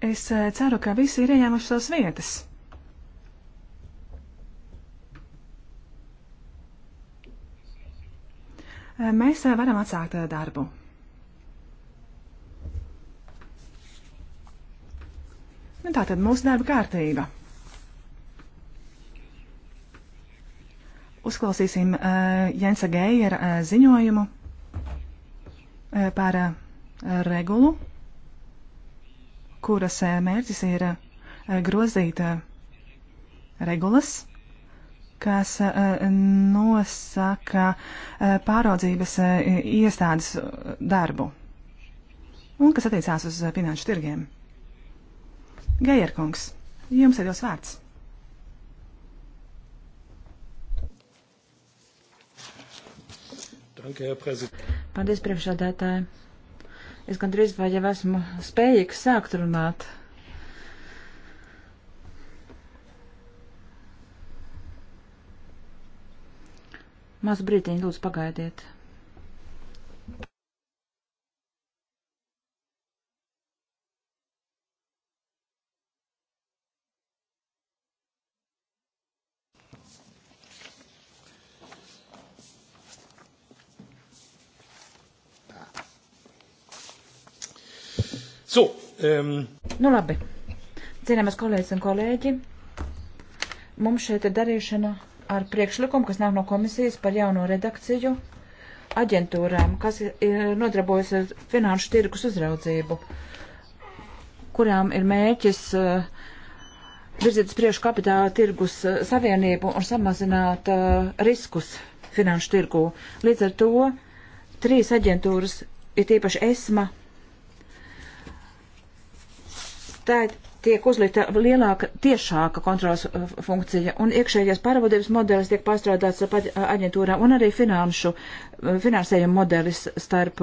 Es eh, ceru, ka visi ir ieņēmuši savas vietas. Eh, mēs eh, varam atsākt darbu. Nu, tā tad mūsu darba kārtība. Uzklausīsim uh, Jensa Geijera uh, ziņojumu uh, par uh, regulu kuras mērķis ir grozīt regulas, kas nosaka pāraudzības iestādes darbu un kas attiecās uz finanšu tirgiem. Gejerkungs, jums ir dos vārds. Paldies, priekšādētāji. Es gandrīz vai jau esmu spējīgs sākt runāt. Maz brītiņu lūdzu pagaidiet. So, um... Nu labi. Cienījamies kolēģis un kolēģi. Mums šeit ir darīšana ar priekšlikumu, kas nāk no komisijas par jauno redakciju aģentūrām, kas ir nodarbojas ar finanšu tirgus uzraudzību, kurām ir mērķis uh, virzīt uz priekšu kapitāla tirgus uh, savienību un samazināt uh, riskus finanšu tirgū. Līdz ar to trīs aģentūras, ir tīpaši ESMA, tā tiek uzlikta lielāka, tiešāka kontrolas uh, funkcija, un iekšējais pārvaldības modelis tiek pārstrādāts ar uh, aģentūrām, un arī finanšu, uh, finansējuma modelis starp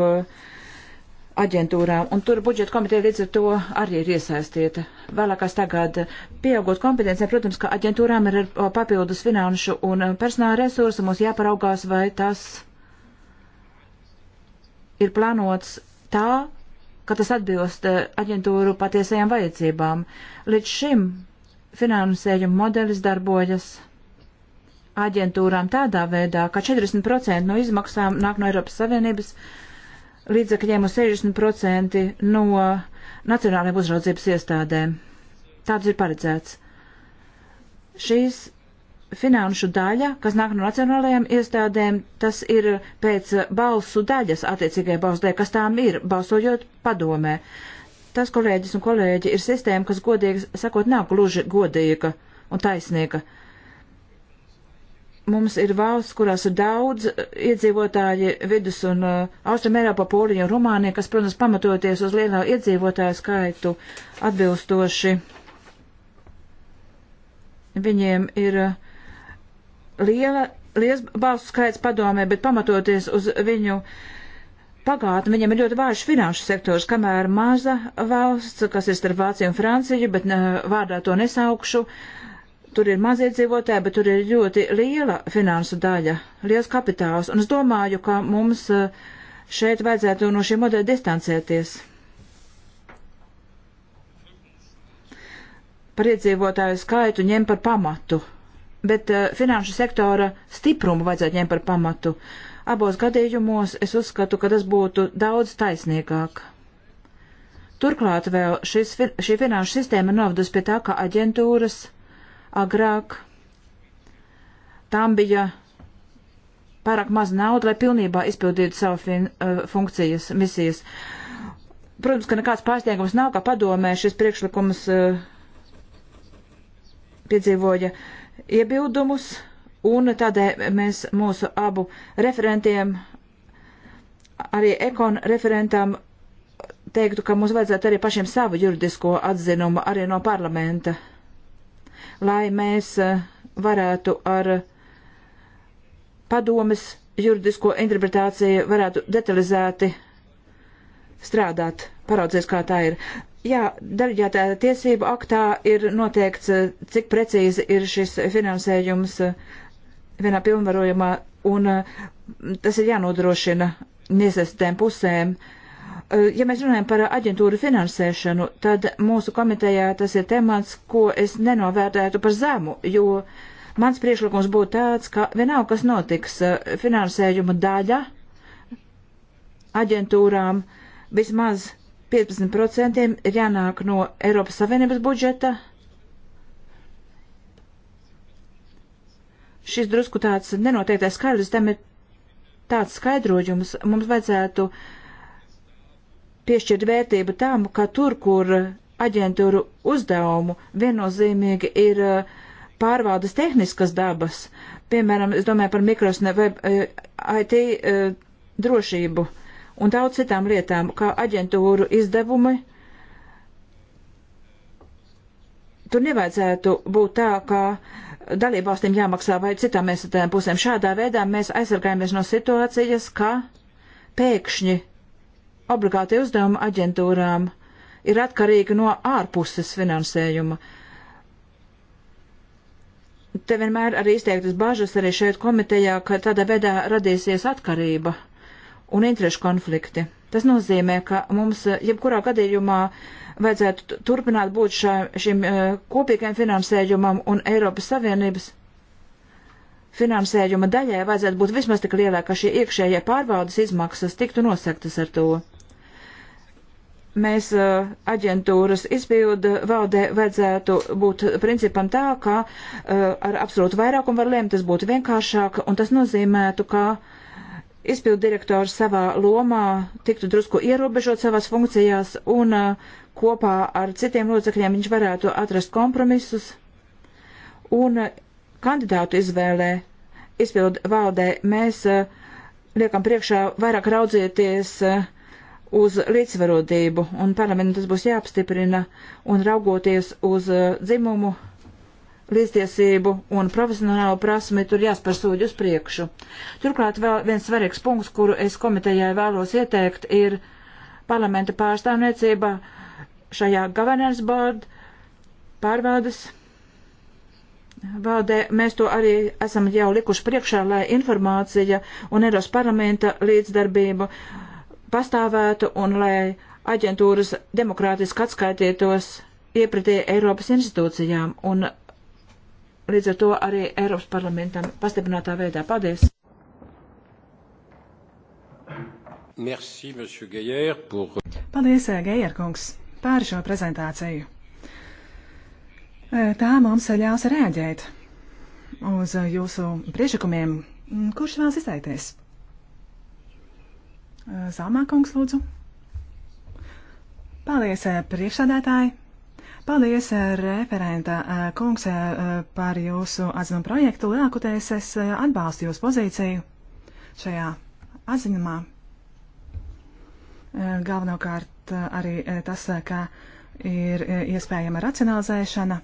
aģentūrām, un tur budžeta komiteja līdz ar to arī ir iesaistīta. Vēlākās tagad pieaugot kompetencijai, protams, ka aģentūrām ir papildus finanšu un personāla resursi, mums jāparaugās, vai tas ir plānots tā, ka tas atbilst eh, aģentūru patiesajām vajadzībām. Līdz šim finansējuma modelis darbojas aģentūrām tādā veidā, ka 40% no izmaksām nāk no Eiropas Savienības līdzekļiem un 60% no nacionālajiem uzraudzības iestādēm. Tāds ir paredzēts. Šīs finanšu daļa, kas nāk no nacionālajām iestādēm, tas ir pēc balsu daļas attiecīgajai balsu daļai, kas tām ir, balsojot padomē. Tas, kolēģis un kolēģi, ir sistēma, kas godīgi sakot nav gluži godīga un taisnīga. Mums ir valsts, kurās ir daudz iedzīvotāji vidus un uh, austrum Eiropā, Polija un Rumānija, kas, protams, pamatoties uz lielā iedzīvotāju skaitu atbilstoši viņiem ir uh, liela, liels balsu skaits padomē, bet pamatoties uz viņu pagātni, viņam ir ļoti vājš finanšu sektors, kamēr maza valsts, kas ir starp Vāciju un Franciju, bet ne, vārdā to nesaukšu, tur ir mazie dzīvotāji, bet tur ir ļoti liela finansu daļa, liels kapitāls, un es domāju, ka mums eh, šeit vajadzētu no šī modeļa distancēties. Par iedzīvotāju skaitu ņem par pamatu bet uh, finanšu sektora stiprumu vajadzētu ņemt par pamatu. Abos gadījumos es uzskatu, ka tas būtu daudz taisnīgāk. Turklāt vēl šis, šī finanšu sistēma novadus pie tā, ka aģentūras agrāk tām bija pārāk maz naudu, lai pilnībā izpildītu savu fin, uh, funkcijas, misijas. Protams, ka nekāds pārsteigums nav, ka padomē šis priekšlikums uh, piedzīvoja uh, iebildumus, un tādēļ mēs mūsu abu referentiem, arī ekon referentam, teiktu, ka mums vajadzētu arī pašiem savu juridisko atzinumu arī no parlamenta, lai mēs eh, varētu ar padomes juridisko interpretāciju varētu detalizēti strādāt, paraudzēs, kā tā ir. Jā, deleģētā tiesība aktā ir noteikts, eh, cik precīzi ir šis finansējums eh, vienā pilnvarojumā, un eh, tas ir jānodrošina niesaistēm pusēm. Ja mēs runājam par aģentūru finansēšanu, tad mūsu komitejā tas ir temats, ko es nenovērtētu par zemu, jo mans priekšlikums būtu tāds, ka vienalga, kas notiks, finansējuma daļa aģentūrām vismaz 0,5% 15% ir jānāk no Eiropas Savienības budžeta. Šis drusku tāds nenoteiktais skaidrs, tam ir tāds skaidrojums. Mums vajadzētu piešķirt vērtību tam, ka tur, kur aģentūru uzdevumu viennozīmīgi ir uh, pārvaldes tehniskas dabas, piemēram, es domāju par mikros vai uh, IT uh, drošību. Uh, un daudz citām lietām, kā aģentūru izdevumi. Tur nevajadzētu būt tā, ka dalībvalstīm jāmaksā vai citām iestādēm pusēm. Šādā veidā mēs aizsargājamies no situācijas, ka pēkšņi obligāti uzdevumi aģentūrām ir atkarīgi no ārpuses finansējuma. Te vienmēr arī izteiktas bažas arī šeit komitejā, ka tādā veidā radīsies atkarība un interešu konflikti. Tas nozīmē, ka mums eh, jebkurā gadījumā vajadzētu turpināt būt šā, šim eh, kopīgajam finansējumam un Eiropas Savienības finansējuma daļai vajadzētu būt vismaz tik lielai, ka šie iekšējie pārbaudas izmaksas tiktu nosektas ar to. Mēs eh, aģentūras izpildu valdē vajadzētu būt principam tā, ka ar absolūtu vairākumu var lēmt, tas būtu vienkāršāk, un tas nozīmētu, ka uh, izpildu direktors savā lomā tiktu drusku ierobežot savās funkcijās un uh, kopā ar citiem locekļiem viņš varētu atrast kompromisus un uh, kandidātu izvēlē izpildu valdē mēs uh, liekam priekšā vairāk raudzieties uz līdzsvarotību un parlamentu tas būs jāapstiprina un raugoties uz dzimumu līdztiesību un profesionālo prasmi tur jāspēr soļi uz priekšu. Turklāt vēl viens svarīgs punkts, kuru es komitejai vēlos ieteikt, ir parlamenta pārstāvniecība šajā governance board pārvaldes valdē. Mēs to arī esam jau likuši priekšā, lai informācija un Eiros parlamenta līdzdarbība pastāvētu un lai aģentūras demokrātiski atskaitītos iepratī Eiropas institūcijām un līdz ar to arī Eiropas parlamentam pastiprinātā veidā. Paldies! Merci, Gaillard, pour... Paldies, eh, Geijer kungs, par šo prezentāciju. Eh, tā mums ļaus rēģēt uz jūsu priešakumiem. Mm, kurš vēlas izteikties? Eh, Zāmā kungs, lūdzu. Paldies, priekšsādātāji! Paldies, eh, referenta eh, kungs, eh, par jūsu atzinumu projektu. Lielākoties es atbalstu jūsu pozīciju šajā atzinumā. Galvenokārt arī tas, ka ir iespējama racionalizēšana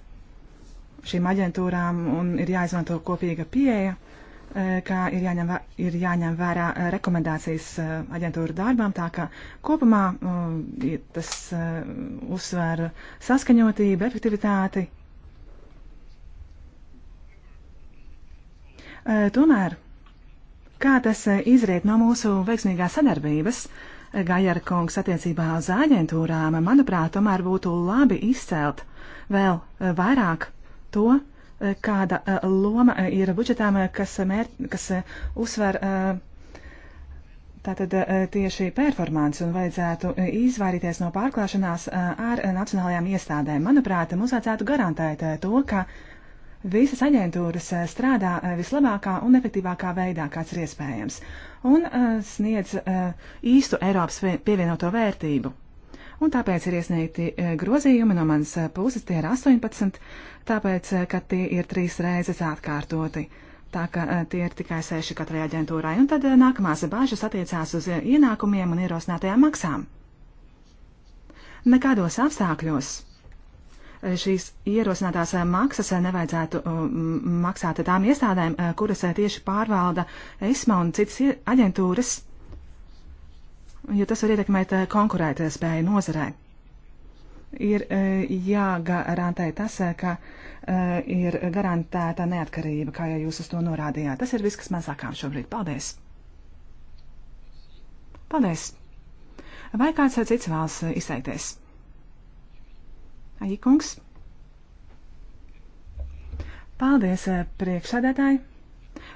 šīm aģentūrām un ir jāizmanto kopīga pieeja. E, kā ir jāņem, ir jāņem vērā e, rekomendācijas e, aģentūra darbām, tā ka kopumā tas uzsver saskaņotību, efektivitāti. Tomēr, kā tas izriet no mūsu veiksmīgās sadarbības, Gajara kungs attiecībā uz aģentūrām, manuprāt, tomēr būtu labi izcelt vēl vairāk to, kāda eh, loma eh, ir budžetām, eh, kas, mēr, kas uzsver tātad tieši performanci un vajadzētu izvairīties no pārklāšanās ar nacionālajām iestādēm. Manuprāt, mums vajadzētu garantēt to, ka visas aģentūras strādā vislabākā un efektīvākā veidā, kāds ir iespējams, un sniedz īstu Eiropas pievienoto vērtību un tāpēc ir iesniegti e, grozījumi no manas e, puses, tie ir 18, tāpēc, e, ka tie ir trīs reizes atkārtoti. Tā ka tie ir tikai seši katrai aģentūrai, un tad nākamās bāžas attiecās uz ienākumiem un ierosinātajām maksām. Nekādos apstākļos šīs ierosinātās maksas nevajadzētu maksāt tām iestādēm, kuras tieši pārvalda ESMA un citas aģentūras jo tas var ietekmēt eh, konkurēt eh, spēju nozarē. Ir eh, jāgarantē tas, ka ir garantēta neatkarība, kā jau jūs uz to norādījāt. Tas ir viss, kas man sakām šobrīd. Paldies! Paldies! Vai kāds cits vēlas izteikties? Aikungs! Paldies, priekšsēdētāji!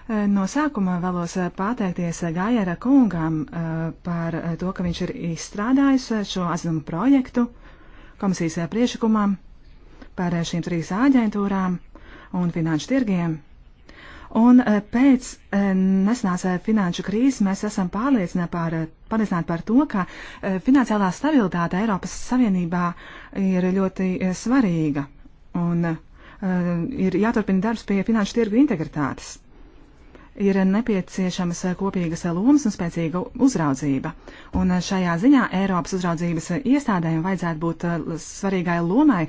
Eh, no sākuma vēlos eh, pateikties eh, Gājera kungam par to, ka viņš ir izstrādājis šo atzinumu projektu komisijas priešakumam par šīm trīs āģentūrām un finanšu tirgiem. Un pēc nesenās finanšu krīzes mēs esam pārliecināti par, pārliecināti par to, ka finansiālā stabilitāte Eiropas Savienībā ir ļoti svarīga un ir jāturpina darbs pie finanšu tirgu integritātes ir nepieciešamas kopīgas lomas un spēcīga uzraudzība. Un šajā ziņā Eiropas uzraudzības iestādēm vajadzētu būt uh, svarīgai lomai,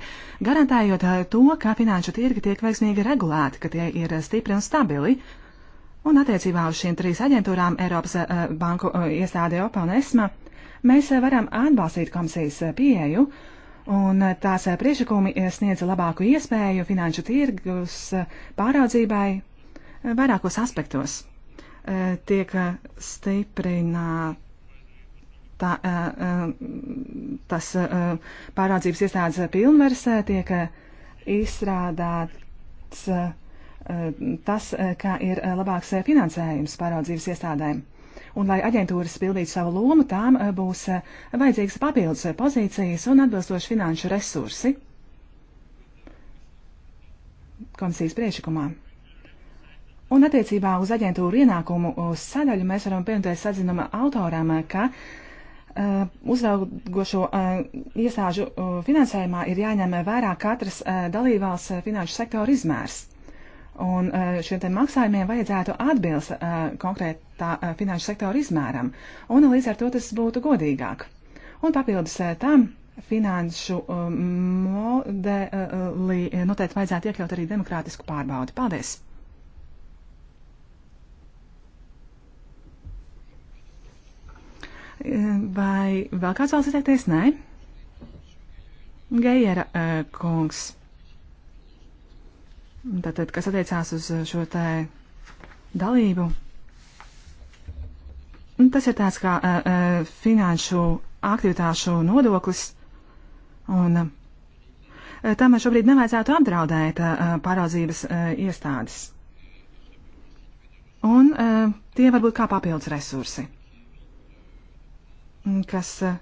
garantējot uh, to, ka finanšu tirgi tiek veiksmīgi regulēti, ka tie ir stipri un stabili. Un attiecībā uz šīm trīs aģentūrām Eiropas uh, banku iestāde OPA un ESMA mēs varam atbalstīt komisijas pieeju un tās priekšlikumi sniedz labāku iespēju finanšu tirgus pāraudzībai vairākos aspektos e, tiek stiprināta tā, e, e, tas pārādzības iestādes pilnvers, tiek izstrādāts tas, kā ir labāks finansējums pārādzības iestādēm. Un, lai aģentūras pildītu savu lomu, tām būs vajadzīgas papildus pozīcijas un atbilstoši finanšu resursi komisijas priekšlikumā. Un attiecībā uz aģentūru ienākumu uz uh, sadaļu mēs varam pievienoties sadzinuma autoram, ka uh, uzraugošo uh, iestāžu uh, finansējumā ir jāņem vērā katras uh, dalībvalsts uh, finanšu sektora izmērs. Un uh, šiem te maksājumiem vajadzētu atbilst uh, konkrētā uh, finanšu sektora izmēram. Un līdz ar to tas būtu godīgāk. Un papildus uh, tam finanšu um, uh, modeli uh, noteikti vajadzētu iekļaut arī demokrātisku pārbaudi. Paldies! Vai vēl kāds vēlas izteikties? Nē. Geijera kungs. Tātad, kas attiecās uz šo te dalību? Tas ir tāds kā uh, uh, finanšu aktivitāšu nodoklis, un uh, tam šobrīd nevajadzētu apdraudēt uh, pāraudzības uh, iestādes. Un uh, tie var būt kā papildus resursi. Mm, kas eh,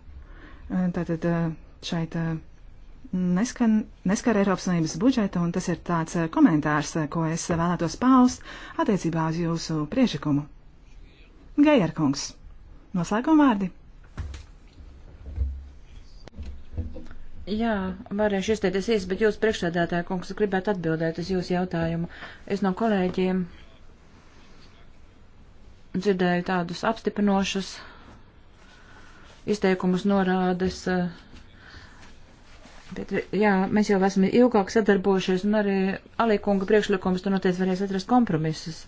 eh, tātad eh, šeit neskan, neskar Eiropas Savienības budžetu, un tas ir tāds komentārs, ko es vēlētos paust attiecībā uz jūsu priešakumu. Gajarkungs, noslēguma vārdi. Jā, varēšu izteikties īsi, bet jūs priekšsēdētāja kungs gribētu atbildēt uz jūsu jautājumu. Es no kolēģiem dzirdēju tādus apstiprinošus izteikumus norādes. Eh, bet, jā, mēs jau esam ilgāk sadarbojušies, un arī Alīkunga priekšlikums tur noteikti varēs atrast kompromisus.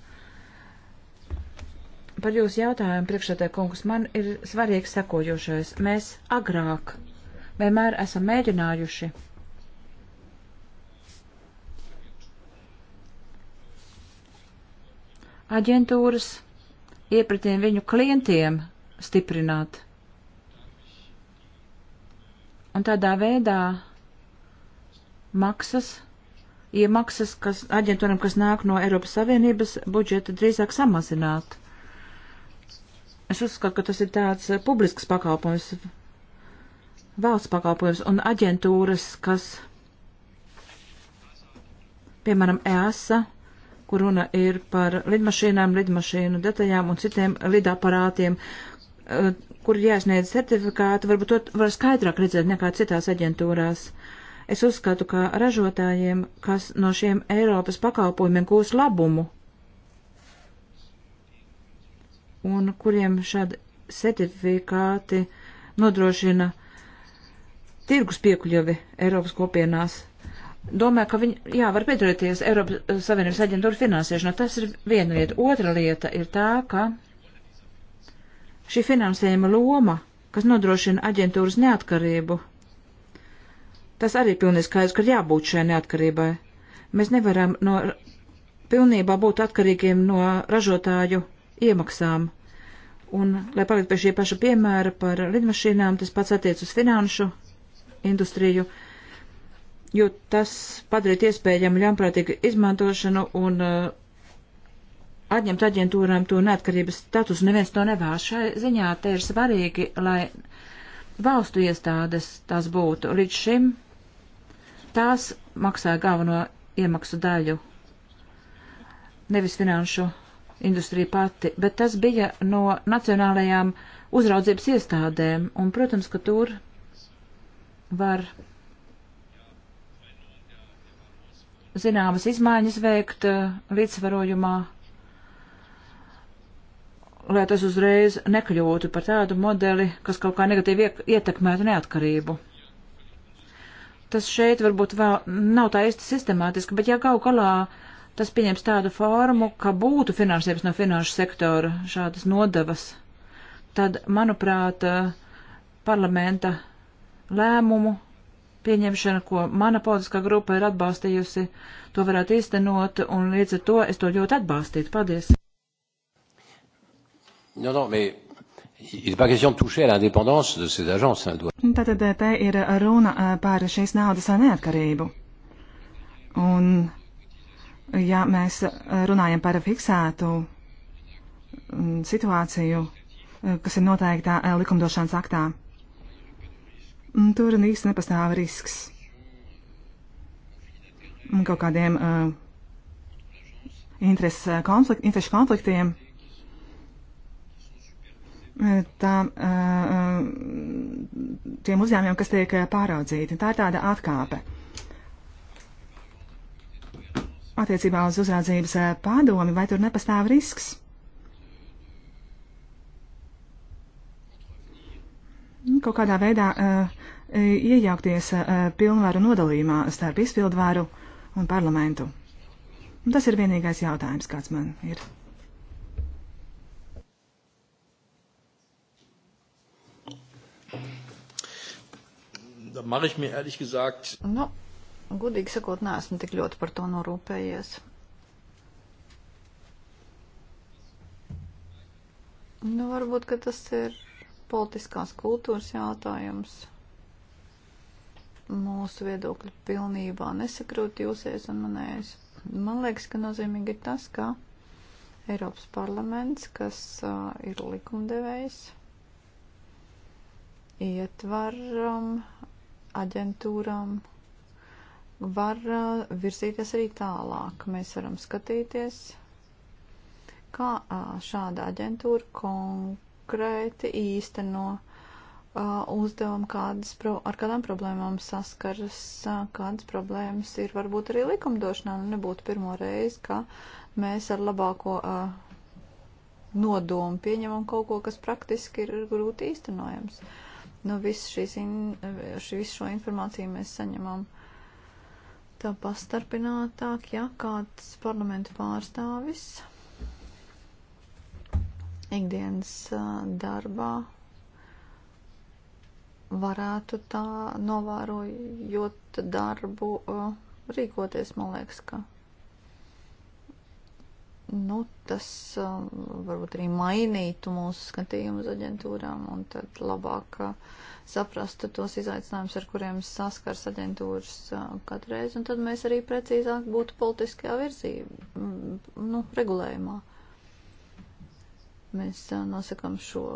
Par jūsu jautājumu priekšētē kungus man ir svarīgs sekojošais. Mēs agrāk vienmēr esam mēģinājuši aģentūras iepratīm viņu klientiem stiprināt. Un tādā veidā maksas, iemaksas, kas aģentūram, kas nāk no Eiropas Savienības budžeta, drīzāk samazināt. Es uzskatu, ka tas ir tāds publisks pakalpojums, valsts pakalpojums un aģentūras, kas, piemēram, EASA, kur runa ir par lidmašīnām, lidmašīnu detaļām un citiem lidaparātiem, kur ir jāsniedz certifikāti, varbūt to var skaidrāk redzēt nekā citās aģentūrās. Es uzskatu, ka ražotājiem, kas no šiem Eiropas pakalpojumiem gūs labumu, un kuriem šādi certifikāti nodrošina tirgus piekļuvi Eiropas kopienās. Domāju, ka viņi, jā, var piedalīties Eiropas Savienības aģentūra finansēšanā. Tas ir viena lieta. Otra lieta ir tā, ka šī finansējuma loma, kas nodrošina aģentūras neatkarību, tas arī pilnīgi skaidrs, ka ir jābūt šai neatkarībai. Mēs nevaram no pilnībā būt atkarīgiem no ražotāju iemaksām. Un, lai palikt pie šī paša piemēra par lidmašīnām, tas pats attiec uz finanšu industriju, jo tas padarīt iespējamu ļaunprātīgu izmantošanu un uh, atņemt aģentūrām to neatkarības statusu, neviens to nevēlas. Šai ziņā te ir svarīgi, lai valstu iestādes tās būtu. Līdz šim tās maksā galveno iemaksu daļu, nevis finanšu industrija pati, bet tas bija no nacionālajām uzraudzības iestādēm, un, protams, ka tur var zināmas izmaiņas veikt uh, līdzsvarojumā lai tas uzreiz nekļūtu par tādu modeli, kas kaut kā negatīvi ietekmētu neatkarību. Tas šeit varbūt vēl nav tā īsti sistemātiski, bet ja kaut galā tas pieņems tādu formu, ka būtu finansējums no finanšu sektora šādas nodevas, tad, manuprāt, parlamenta lēmumu pieņemšana, ko mana politiskā grupa ir atbalstījusi, to varētu īstenot, un līdz ar to es to ļoti atbalstītu. Paldies! Non, non, mais ir pagaidām tušē ar independence de ces agences. Tātad te ir runa eh, par šīs naudas eh, neatkarību. Un, ja mēs eh, runājam par fiksētu mm, situāciju, kas ir noteikta likumdošanas aktā, mm, tur īsti nepastāv risks kaut kādiem uh, interes konflikt, interešu konfliktiem tām, tiem uzņēmumiem, kas tiek pāraudzīti. Tā ir tāda atkāpe. Attiecībā uz uzraudzības padomi, vai tur nepastāv risks? Kaut kādā veidā iejaukties pilnvaru nodalījumā starp izpildvaru un parlamentu. Un tas ir vienīgais jautājums, kāds man ir. da mache ich mir ehrlich gesagt. Nu, gudīgi sakot, neesmu tik ļoti par to norūpējies. Nu, varbūt, ka tas ir politiskās kultūras jautājums. Mūsu viedokļi pilnībā nesakrūt jūsēs un manējais. Man liekas, ka nozīmīgi ir tas, ka Eiropas parlaments, kas uh, ir likumdevējs, ietvar um, aģentūrām var uh, virzīties arī tālāk. Mēs varam skatīties, kā uh, šāda aģentūra konkrēti īsteno uh, uzdevumu, kādas, ar kādām problēmām saskaras, kādas problēmas ir varbūt arī likumdošanā. Nu, nebūtu pirmo reizi, ka mēs ar labāko nodomu pieņemam kaut ko, kas praktiski ir grūti īstenojams. Uh, Nu, visu, in, visu šo informāciju mēs saņemam tā pastarpinātāk, ja kāds parlamentu pārstāvis ikdienas darbā varētu tā novērojot darbu rīkoties, man liekas, ka nu, tas um, varbūt arī mainītu mūsu skatījumu uz aģentūrām un tad labāk uh, saprastu tos izaicinājumus, ar kuriem saskars aģentūras uh, katreiz, un tad mēs arī precīzāk būtu politiskajā virzība, mm, nu, regulējumā. Mēs uh, nosakam šo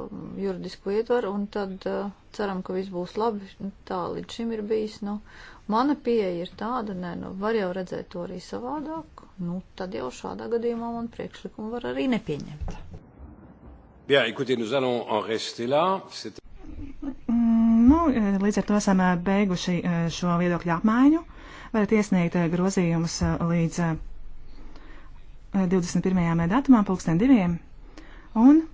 juridisko ietvaru un tad uh, ceram, ka viss būs labi. Tā līdz šim ir bijis, nu, Mana pieeja ir tāda, nē, nu, var jau redzēt to arī savādāk, nu, tad jau šādā gadījumā man priekšlikumu var arī nepieņemt. Bien, écoutez, nous allons en rester là. Mm, nu, līdz ar to esam eh, beiguši eh, šo viedokļu apmaiņu. Varat iesniegt eh, grozījumus līdz 21. datumam, pulksten diviem. Un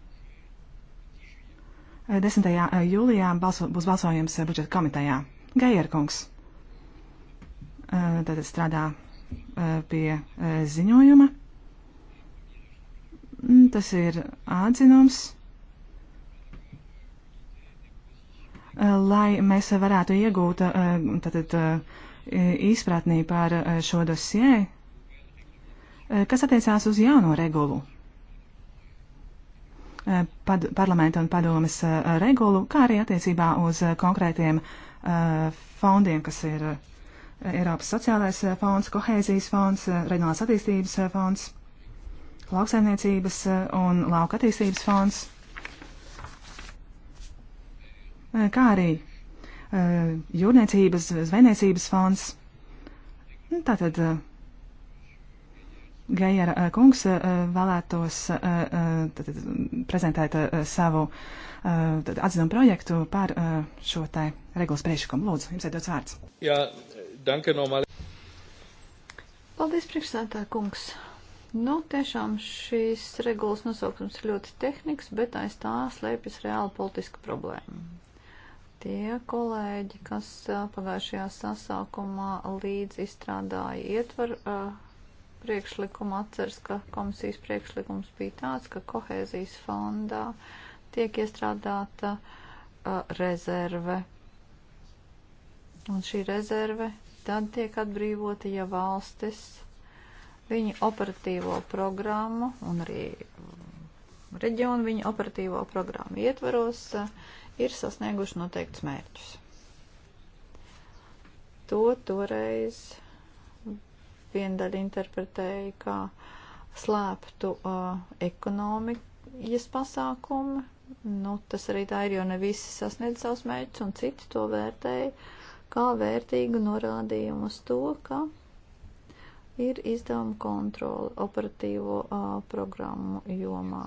10. jūlijā balso, būs balsojums budžeta komitejā. Gajerkungs tātad eh, strādā eh, pie eh, ziņojuma. Mm, tas ir atzinums. Lai mēs varētu iegūt tātad, izpratnī par šo dosie, kas attiecās uz jauno regulu, pad, parlamenta un padomas regulu, kā arī attiecībā uz konkrētiem fondiem, kas ir uh, Eiropas sociālais eh, fonds, kohēzijas fonds, eh, reģionālās attīstības eh, fonds, lauksaimniecības un lauka attīstības fonds, kā arī jūrniecības, zvejniecības fonds. Nu, tātad Gaiera kungs vēlētos tātad, prezentēt savu atzinumu projektu par šo te regulas priekšlikumu. Lūdzu, jums ir dots vārds. Jā, ja. Danke nochmal. Paldies, priekšsētā kungs. Nu, tiešām šīs regulas nosaukums ir ļoti tehniks, bet aiz tā slēpjas reāla politiska problēma. Tie kolēģi, kas pagājušajā sasaukumā līdz izstrādāja ietvaru uh, priekšlikumu, atceras, ka komisijas priekšlikums bija tāds, ka kohēzijas fondā tiek iestrādāta uh, rezerve. Un šī rezerve tad tiek atbrīvoti, ja valstis viņa operatīvo programmu un arī reģionu viņa operatīvo programmu ietvaros eh, ir sasnieguši noteikts mērķus. To toreiz viendaļa interpretēja kā slēptu uh, ekonomikas pasākumu. Nu, tas arī tā ir, jo ne visi sasniedz savus mērķus, un citi to vērtēja uh, kā vērtīgu norādījumu uz to, ka ir izdevuma kontrola operatīvo uh, programmu jomā.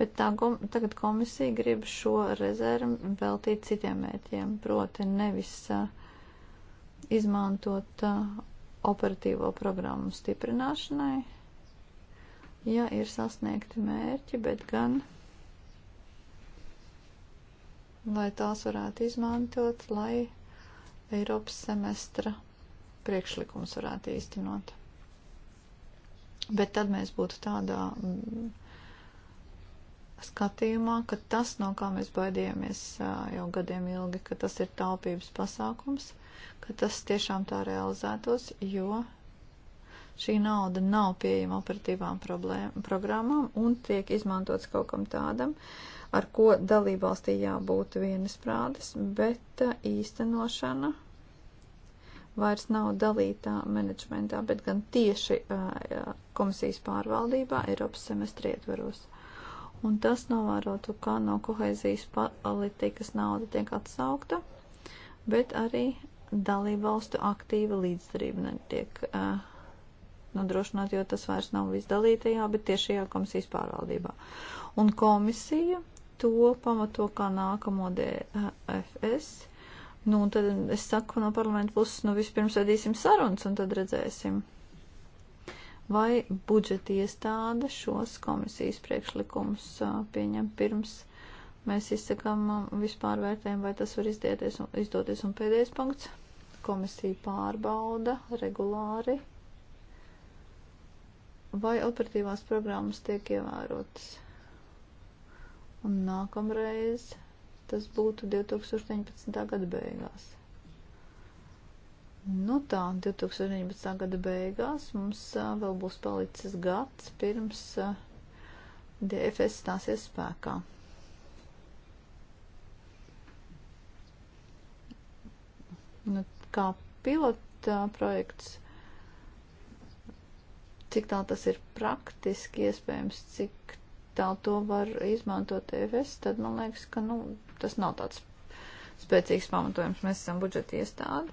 Bet tā, tagad komisija grib šo rezervu veltīt citiem mērķiem, proti nevis uh, izmantot uh, operatīvo programmu stiprināšanai, ja ir sasniegti mērķi, bet gan, lai tās varētu izmantot, lai Eiropas semestra priekšlikums varētu īstenot. Bet tad mēs būtu tādā mm, skatījumā, ka tas, no kā mēs baidījāmies jau gadiem ilgi, ka tas ir taupības pasākums, ka tas tiešām tā realizētos, jo šī nauda nav pieejama operatīvām problēma, programmām un tiek izmantots kaut kam tādam, uh, ar ko dalībvalstī jābūt vienisprādes, bet eh, īstenošana vairs nav dalītā menedžmentā, bet gan tieši eh, komisijas pārvaldībā Eiropas semestri ietveros. Un tas novērotu, kā no kohēzijas politikas nauda tiek atsaukta, bet arī dalībvalstu aktīva līdzdarība netiek uh, eh, nodrošināt, jo tas vairs nav visdalītajā, bet tiešajā komisijas pārvaldībā. Un komisija to pamato kā nākamo DFS. Nu, un tad es saku no parlamenta puses, nu, vispirms vedīsim sarunas un tad redzēsim. Vai budžeta iestāde šos komisijas priekšlikumus pieņem pirms mēs izsakām vispār vērtējumu, vai tas var izdieties, izdoties. Un pēdējais punkts - komisija pārbauda regulāri, vai operatīvās programmas tiek ievērotas un nākamreiz tas būtu 2019. gada beigās. Nu tā, 2019. gada beigās mums a, vēl būs palicis gads pirms a, DFS stāsies spēkā. Nu, kā pilota projekts, cik tā tas ir praktiski iespējams, cik kapitāli to var izmantot EFS, tad man liekas, ka nu, tas nav tāds spēcīgs pamatojums. Mēs esam budžeta iestādi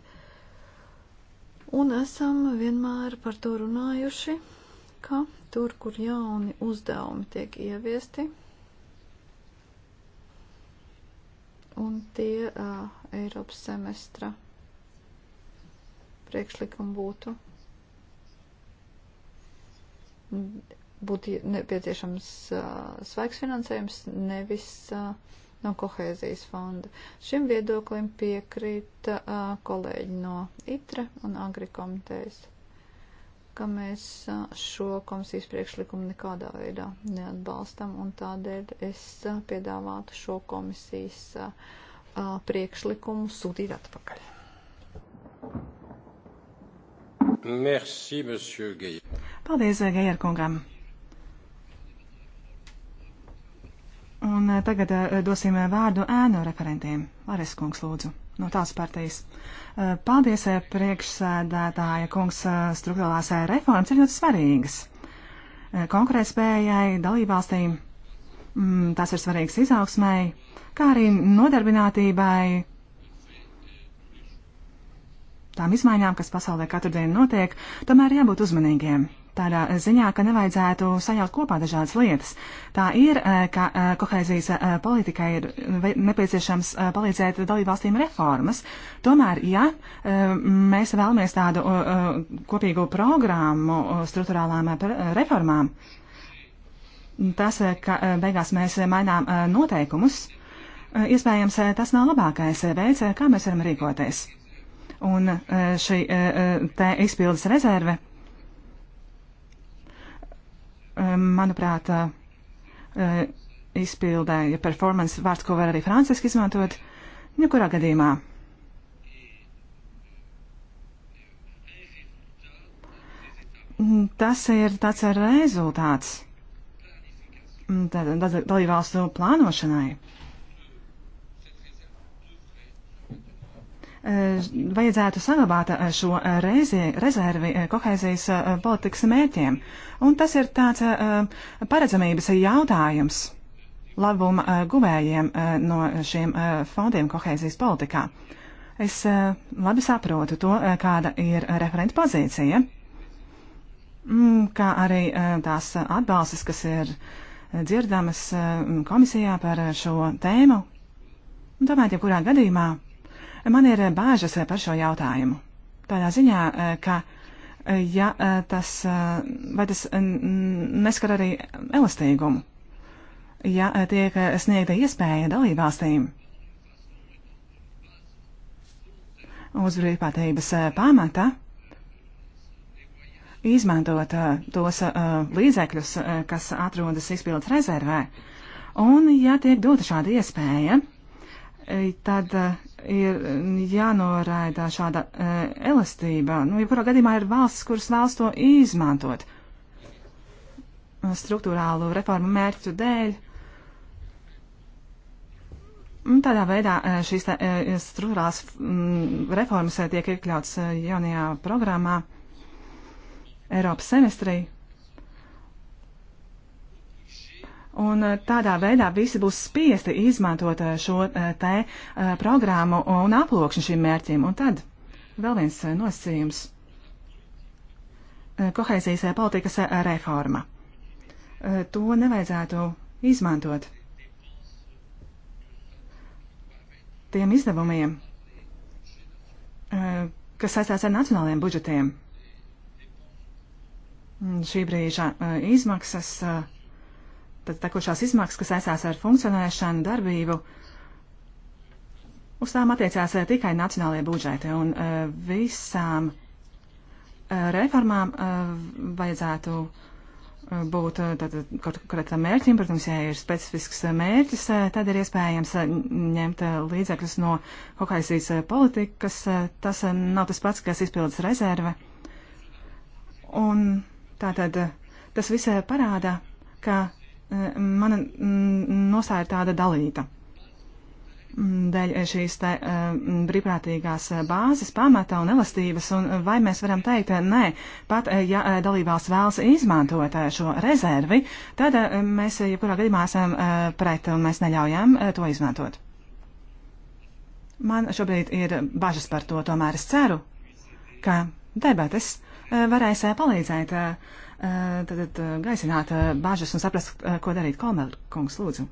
un esam vienmēr par to runājuši, ka tur, kur jauni uzdevumi tiek ieviesti, un tie uh, Eiropas semestra priekšlikumi būtu būtu nepieciešams uh, svaigs finansējums, nevis uh, no kohēzijas fonda. Šim viedoklim piekrīt uh, kolēģi no ITRE un Agri komitejas, ka mēs uh, šo komisijas priekšlikumu nekādā veidā neatbalstam, un tādēļ es uh, piedāvātu šo komisijas uh, uh, priekšlikumu sūtīt atpakaļ. Merci, Paldies, Gajarkungam! Un eh, tagad eh, dosim eh, vārdu ēnu referentiem. Vares kungs, lūdzu, no tās partijas. Paldies, priekšsēdētāja kungs, struktūrālās reformas ir ļoti svarīgas. Konkurētspējai dalībvalstīm mm, tas ir svarīgs izaugsmai, kā arī nodarbinātībai tām izmaiņām, kas pasaulē katru dienu notiek, tomēr jābūt uzmanīgiem tādā ziņā, ka nevajadzētu sajaukt kopā dažādas lietas. Tā ir, eh, ka eh, kohēzijas eh, politikai ir nepieciešams palīdzēt dalībvalstīm reformas. Tomēr, ja mēs vēlamies tādu kopīgu programmu struktūrālām reformām, tas, ka beigās mēs mainām noteikumus, iespējams, tas nav labākais veids, kā mēs varam rīkoties. Un šī te izpildes rezerve manuprāt, eh, izpildēja performance vārds, ko var arī franciski izmantot, jebkurā gadījumā. Tas ir tāds rezultāts dalībvalstu plānošanai. Eh, vajadzētu saglabāt eh, šo eh, reizi, rezervi kohēzijas politikas mērķiem. Un tas ir tāds paredzamības jautājums labuma guvējiem no šiem fondiem kohēzijas politikā. Es labi saprotu to, kāda ir referenta pozīcija, mm, kā arī tās atbalstis, kas ir dzirdamas komisijā par šo tēmu. Un tomēr, ja kurā gadījumā Man ir eh, bāžas eh, par šo jautājumu. Tādā ziņā, eh, ka ja tas, vai tas neskar arī elastīgumu, ja tiek sniegta iespēja dalībvalstīm uz brīvprātības pamata izmantot tos līdzekļus, kas atrodas izpildes rezervē. Un, ja tiek dota šāda iespēja, tad ir jānoraida šāda uh, elastība. Nu, jebkurā ja gadījumā ir valsts, kuras vēlas to izmantot struktūrālu reformu mērķu dēļ. Un tādā veidā e, šīs tā, e, struktūrālās m, reformas tiek iekļauts jaunajā programmā Eiropas semestrī. Un eh, tādā veidā visi būs spiesti izmantot eh, šo eh, te programmu un aplokšņu šīm mērķiem. Un tad vēl viens nosacījums - kohēzijas politikas reforma. To nevajadzētu izmantot tiem izdevumiem, kas saistās ar nacionālajiem budžetiem. Mm, šī brīža izmaksas tad tekošās izmaksas, kas saistās ar funkcionēšanu, darbību, uz tām attiecās eh, tikai nacionālajie budžeti. Un eh, visām eh, reformām vajadzētu būt konkrētam mērķim. Protams, ja ir specifisks mērķis, tad ir iespējams ņemt līdzekļus no kohēzijas politikas. Tas nav tas pats, kas izpildas rezerve. Un tātad tas viss parāda, ka mana mm, nosāja tāda dalīta. Mm, dēļ šīs te, mm, brīvprātīgās bāzes pamata un elastības, un vai mēs varam teikt, nē, pat eh, ja eh, dalībās vēlas izmantot eh, šo rezervi, tad mēs jebkurā gadījumā esam pret un mēs neļaujam to izmantot. Man šobrīd ir bažas par to, tomēr es ceru, ka debates varēs palīdzēt Eh, tad eh, gaisināt eh, bāžas un saprast, ko darīt. Kolmel, kungs, lūdzu.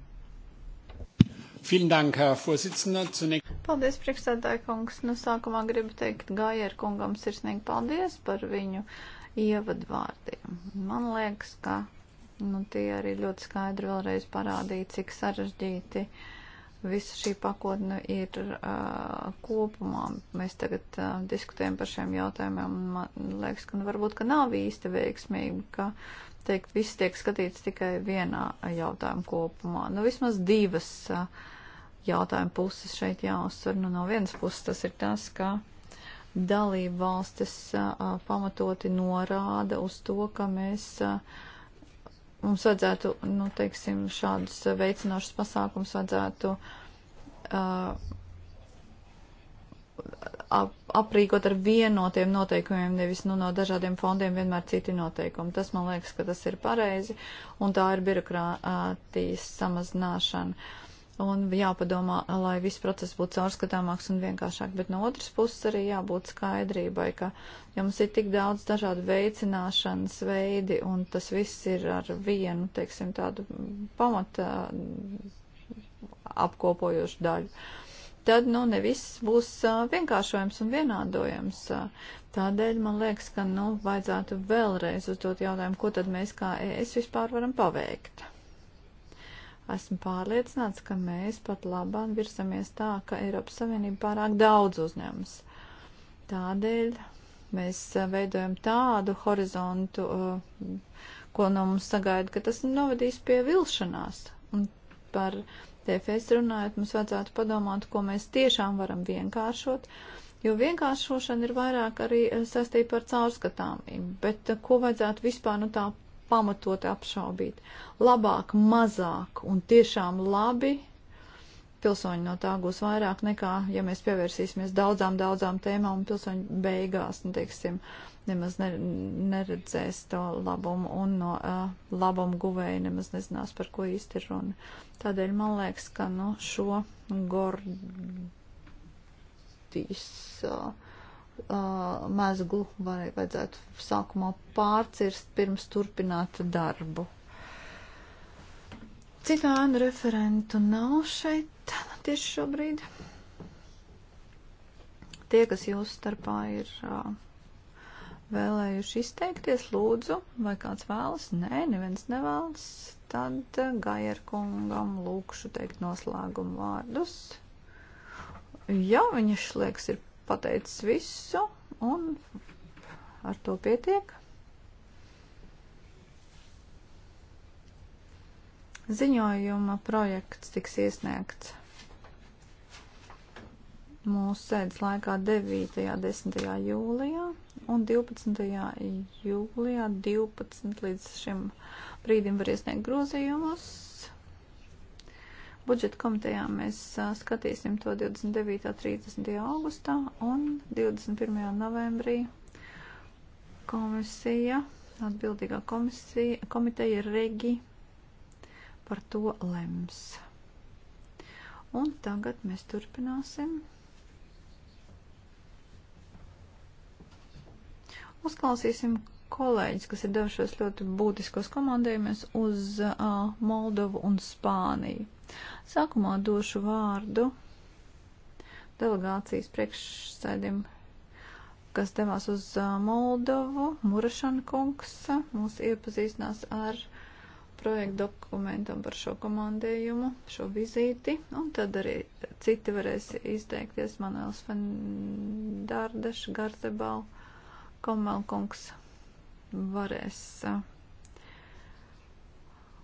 Dank, paldies, priekšsēdētāji kungs. Nu, sākumā gribu teikt Gājer kungam sirsnīgi paldies par viņu ievadvārdiem. Man liekas, ka nu, tie arī ļoti skaidri vēlreiz parādīja, cik sarežģīti uh, Visa šī pakotne ir uh, kopumā. Mēs tagad uh, diskutējam par šiem jautājumiem. Man liekas, ka nu, varbūt, ka nav īsti veiksmīgi, ka teikt, viss tiek skatīts tikai vienā jautājuma kopumā. Nu, vismaz divas uh, jautājuma puses šeit jāuzsver. Nu, no vienas puses tas ir tas, ka dalība valstis uh, pamatoti norāda uz to, ka mēs. Uh, mums vajadzētu, nu, teiksim, šādus veicinošus pasākums vajadzētu uh, ap, aprīkot ar vienotiem noteikumiem, nevis nu, no dažādiem fondiem vienmēr citi noteikumi. Tas man liekas, ka tas ir pareizi, un tā ir birokrātijas samazināšana un jāpadomā, lai viss process būtu caurskatāmāks un vienkāršāk, bet no otras puses arī jābūt skaidrībai, ka ja mums ir tik daudz dažādu veicināšanas veidi un tas viss ir ar vienu, teiksim, tādu pamata mm, apkopojošu daļu, tad, nu, ne viss būs vienkāršojams un vienādojams. Tādēļ man liekas, ka, nu, vajadzētu vēlreiz uzdot jautājumu, ko tad mēs kā es vispār varam paveikt. Esmu pārliecināts, ka mēs pat labāk virzamies tā, ka Eiropas Savienība pārāk daudz uzņemas. Tādēļ mēs eh, veidojam tādu horizontu, eh, ko no mums sagaida, ka tas novadīs pie vilšanās. Un par TFS runājot, mums vajadzētu padomāt, ko mēs tiešām varam vienkāršot, jo vienkāršošana ir vairāk arī eh, saistīta ar caurskatāmību, bet ko vajadzētu vispār nu tā pamatoti apšaubīt. Labāk, mazāk un tiešām labi pilsoņi no tā gūs vairāk nekā, ja mēs pievērsīsimies daudzām, daudzām tēmām un pilsoņi beigās, nu, teiksim, nemaz neredzēs to labumu un no uh, labumu guvēja nemaz nezinās, par ko īsti ir runa. Tādēļ man liekas, ka, nu, šo gordīs. Uh, uh, mezglu var, vajadzētu sākumā pārcirst pirms turpināt darbu. Citu ēnu referentu nav šeit tieši šobrīd. Tie, kas jūsu starpā ir uh, vēlējuši izteikties, lūdzu, vai kāds vēlas? Nē, neviens nevēlas. Tad Gajerkungam lūkšu teikt noslēgumu vārdus. Ja viņš liekas ir pateicis visu, un ar to pietiek. Ziņojuma projekts tiks iesniegts mūsu sēdes laikā 9. 10. jūlijā un 12. jūlijā 12 līdz šim brīdim var iesniegt grozījumus. Budžeta komitejā mēs skatīsim to 29. 30. augustā un 21. novembrī komisija, atbildīgā komisija, komiteja Regi par to lems. Un tagad mēs turpināsim. Uzklausīsim kolēģis, kas ir devušies ļoti būtiskos komandējumies uz uh, Moldovu un Spāniju. Sākumā došu vārdu delegācijas priekšsēdim, kas devās uz Moldovu, Murašana kungs, mūs iepazīstinās ar projektu dokumentam par šo komandējumu, šo vizīti, un tad arī citi varēs izteikties Manuels Fendārdeš, Garzebal, Komelkungs varēs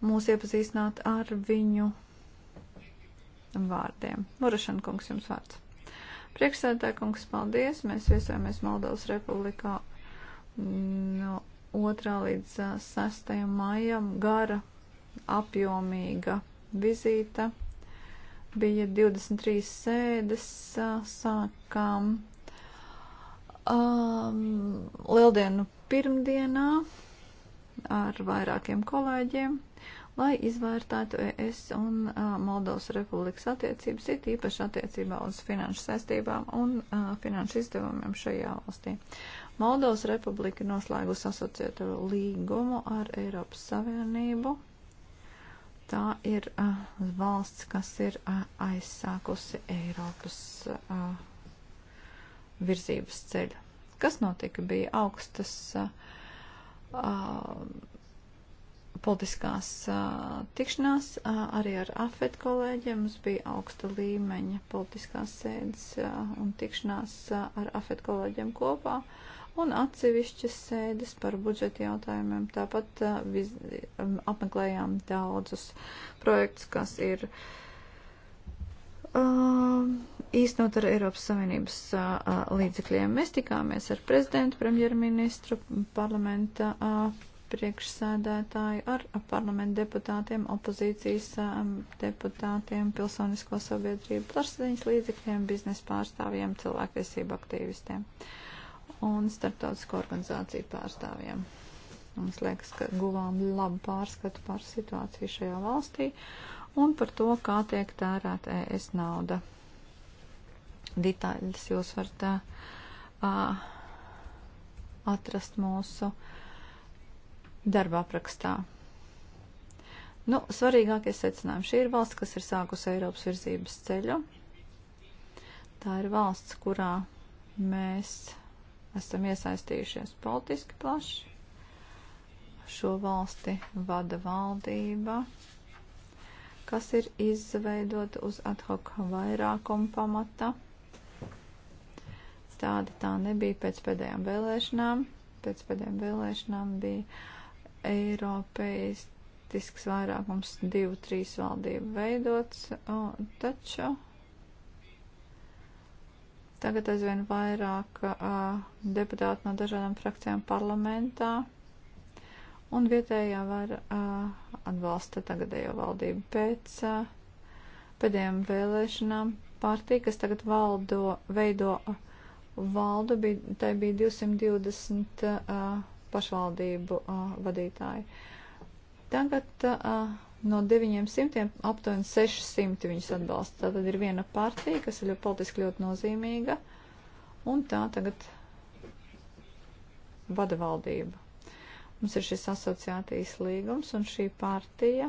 mūs iepazīstināt ar viņu vārdiem. Murašana kungs, jums vārds. Priekšsēdētāj kungs, paldies. Mēs viesojamies Moldovas republikā no 2. līdz 6. maijam. Gara, apjomīga vizīte. Bija 23 sēdes, sākām um, lieldienu pirmdienā ar vairākiem kolēģiem lai izvērtētu ES un Moldovas republikas attiecības, it īpaši attiecībā uz finanšu saistībām un uh, finanšu izdevumiem šajā valstī. Moldovas republika noslēgus asociētu līgumu ar Eiropas Savienību. Tā ir uh, valsts, kas ir uh, aizsākusi Eiropas uh, virzības ceļu. Kas notika? Bija augstas. Uh, uh, politiskās uh, tikšanās uh, arī ar AFET kolēģiem. Mums bija augsta līmeņa politiskās sēdes uh, un tikšanās uh, ar AFET kolēģiem kopā un atsevišķas sēdes par budžeta jautājumiem. Tāpat uh, viz, um, apmeklējām daudzus projektus, kas ir uh, īstenot ar Eiropas Savienības uh, līdzekļiem. Mēs tikāmies ar prezidentu, premjerministru, parlamenta. Uh, priekšsēdētāju ar parlamentu deputātiem, opozīcijas um, deputātiem, pilsonisko sabiedrību, plašsaziņas līdzekļiem, biznesa pārstāvjiem, cilvēktiesību aktīvistiem un starptautisko organizāciju pārstāvjiem. Mums liekas, ka guvām labu pārskatu par situāciju šajā valstī un par to, kā tiek tērēta ES nauda. Detaļas jūs varat uh, uh atrast mūsu uh, darba aprakstā. Nu, svarīgākie secinājumi. Šī ir valsts, kas ir sākusi Eiropas virzības ceļu. Tā ir valsts, kurā mēs esam iesaistījušies politiski plaši. Šo valsti vada valdība, kas ir izveidota uz ad hoc vairākuma pamata. Tāda tā nebija pēc pēdējām vēlēšanām. Pēc pēdējām vēlēšanām bija Eiropeistisks vairākums divu, trīs valdību veidots, un, taču tagad aizvien vairāk uh, deputāti no dažādām frakcijām parlamentā un vietējā var uh, atbalsta tagadējo valdību pēc uh, pēdējām vēlēšanām. Partija, kas tagad valdo, veido valdu, bij, tai bija 220 uh, pašvaldību vadītāji. Tagad no 900 aptuveni 600 viņus atbalsta. Tātad ir viena partija, kas ir ļoti politiski ļoti nozīmīga, un tā tagad vada valdību. Mums ir šis asociācijas līgums, un šī partija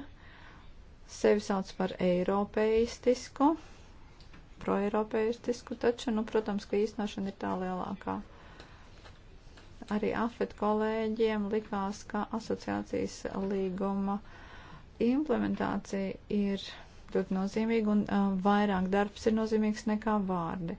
sevi sauc par eiropeistisku, proeiropeistisku, taču, nu, protams, ka īstenošana ir tā lielākā arī AFET kolēģiem likās, ka asociācijas līguma implementācija ir ļoti nozīmīga un uh, vairāk darbs ir nozīmīgs nekā vārdi.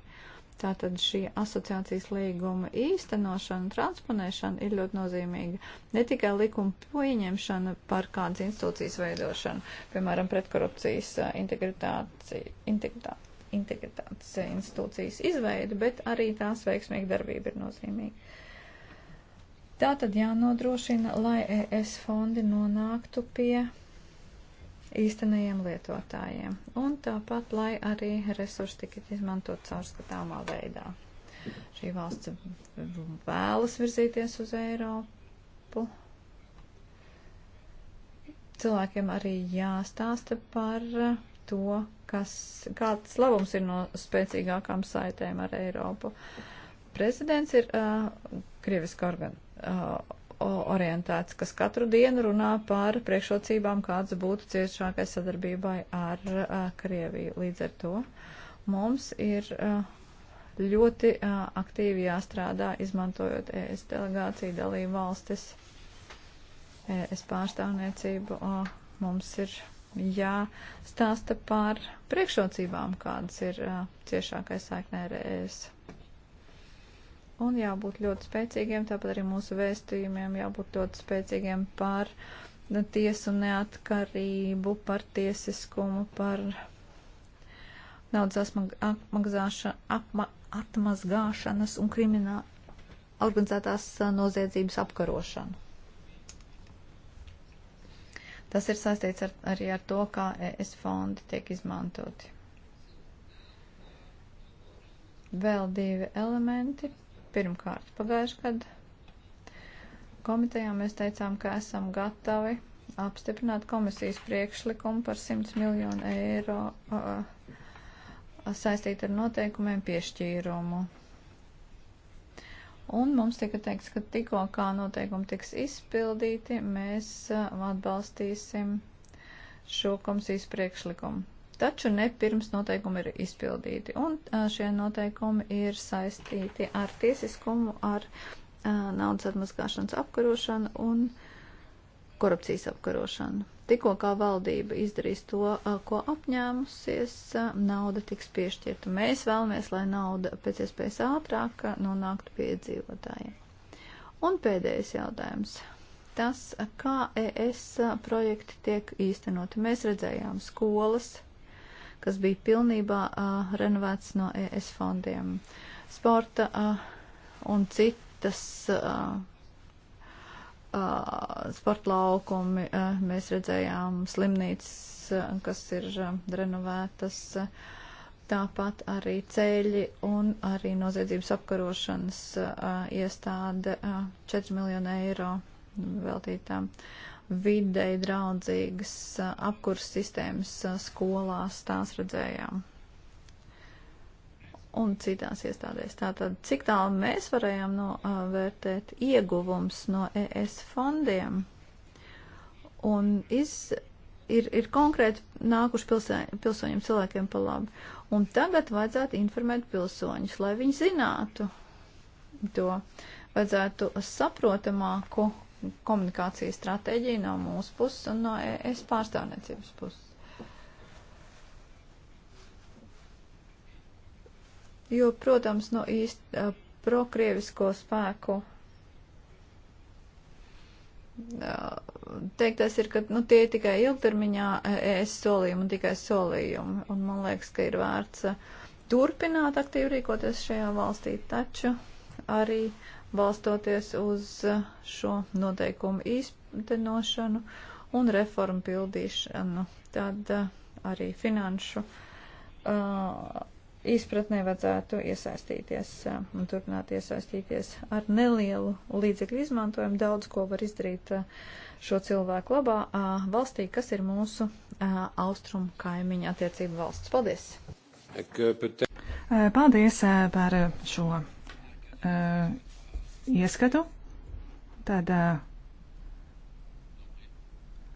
Tātad šī asociācijas līguma īstenošana, transponēšana ir ļoti nozīmīga. Ne tikai likuma pieņemšana par kādas institūcijas veidošanu, piemēram, pretkorupcijas integritācija, uh, integritācija integritātes institūcijas izveidi, bet arī tās veiksmīga darbība ir nozīmīga. Tā tad jānodrošina, lai ES fondi nonāktu pie īstenajiem lietotājiem. Un tāpat, lai arī resursi tika izmantot caurskatāmā veidā. Šī valsts vēlas virzīties uz Eiropu. Cilvēkiem arī jāstāsta par to, kas, kāds labums ir no spēcīgākām saitēm ar Eiropu. Uh, Prezidents ir uh, krieviski organ, uh, orientēts, kas katru dienu runā par priekšrocībām, kādas būtu ciešākai sadarbībai ar uh, Krieviju. Līdz ar to mums ir uh, ļoti uh, aktīvi jāstrādā, izmantojot ES delegāciju dalību valstis, ES pārstāvniecību. Uh, mums ir jāstāsta par priekšrocībām, kādas ir uh, ciešākai saiknē ar ES un jābūt ļoti spēcīgiem, tāpat arī mūsu vēstījumiem jābūt ļoti spēcīgiem par tiesu neatkarību, par tiesiskumu, par naudas apma, atmazgāšanas un krimināla organizētās noziedzības apkarošanu. Tas ir saistīts ar, arī ar to, kā ES fondi tiek izmantoti. Vēl divi elementi Pirmkārt, pagājuši gadu komitejā mēs teicām, ka esam gatavi apstiprināt komisijas priekšlikumu par 100 miljonu eiro uh, saistīt ar noteikumiem piešķīrumu. Un mums tika teikts, ka tikko kā noteikumi tiks izpildīti, mēs uh, atbalstīsim šo komisijas priekšlikumu taču ne pirms noteikumi ir izpildīti. Un šie noteikumi ir saistīti ar tiesiskumu, ar naudas atmaskāšanas apkarošanu un korupcijas apkarošanu. Tikko kā valdība izdarīs to, ko apņēmusies, nauda tiks piešķirta. Mēs vēlamies, lai nauda pēc iespējas ātrāk nonāktu pie dzīvotājiem. Un pēdējais jautājums. Tas, kā ES projekti tiek īstenoti. Mēs redzējām skolas, kas bija pilnībā uh, renovēts no ES fondiem. Sporta uh, un citas. Uh, Uh, sporta laukumi, uh, mēs redzējām slimnīcas, uh, kas ir uh, renovētas, uh, tāpat arī ceļi un arī noziedzības apkarošanas uh, iestāde uh, 4 miljonu eiro veltītām. Uh, videi draudzīgas apkurs sistēmas skolās, tās redzējām. Un citās iestādēs. Tātad, cik tālu mēs varējām novērtēt ieguvums no ES fondiem? Un iz, ir, ir konkrēti nākuši pilsē, pilsoņiem cilvēkiem pa labi. Un tagad vajadzētu informēt pilsoņus, lai viņi zinātu to. Vajadzētu saprotamāku komunikācijas stratēģija no mūsu puses un no es pārstāvniecības puses. Jo, protams, no īsti uh, prokrievisko spēku teiktais ir, ka nu, tie ir tikai ilgtermiņā es solījumi un tikai solījumi. Un man liekas, ka ir vērts turpināt aktīvi rīkoties šajā valstī, taču arī uh, balstoties uz eh, šo noteikumu īstenošanu un reformu pildīšanu. Tad eh, arī finanšu uh, izpratnē vajadzētu iesaistīties uh, un turpināt iesaistīties ar nelielu līdzekļu izmantojumu. Daudz ko var izdarīt uh, šo cilvēku labā uh, valstī, kas ir mūsu uh, austrumu kaimiņa attiecību valsts. Paldies! Paldies par šo uh, ieskatu. Tad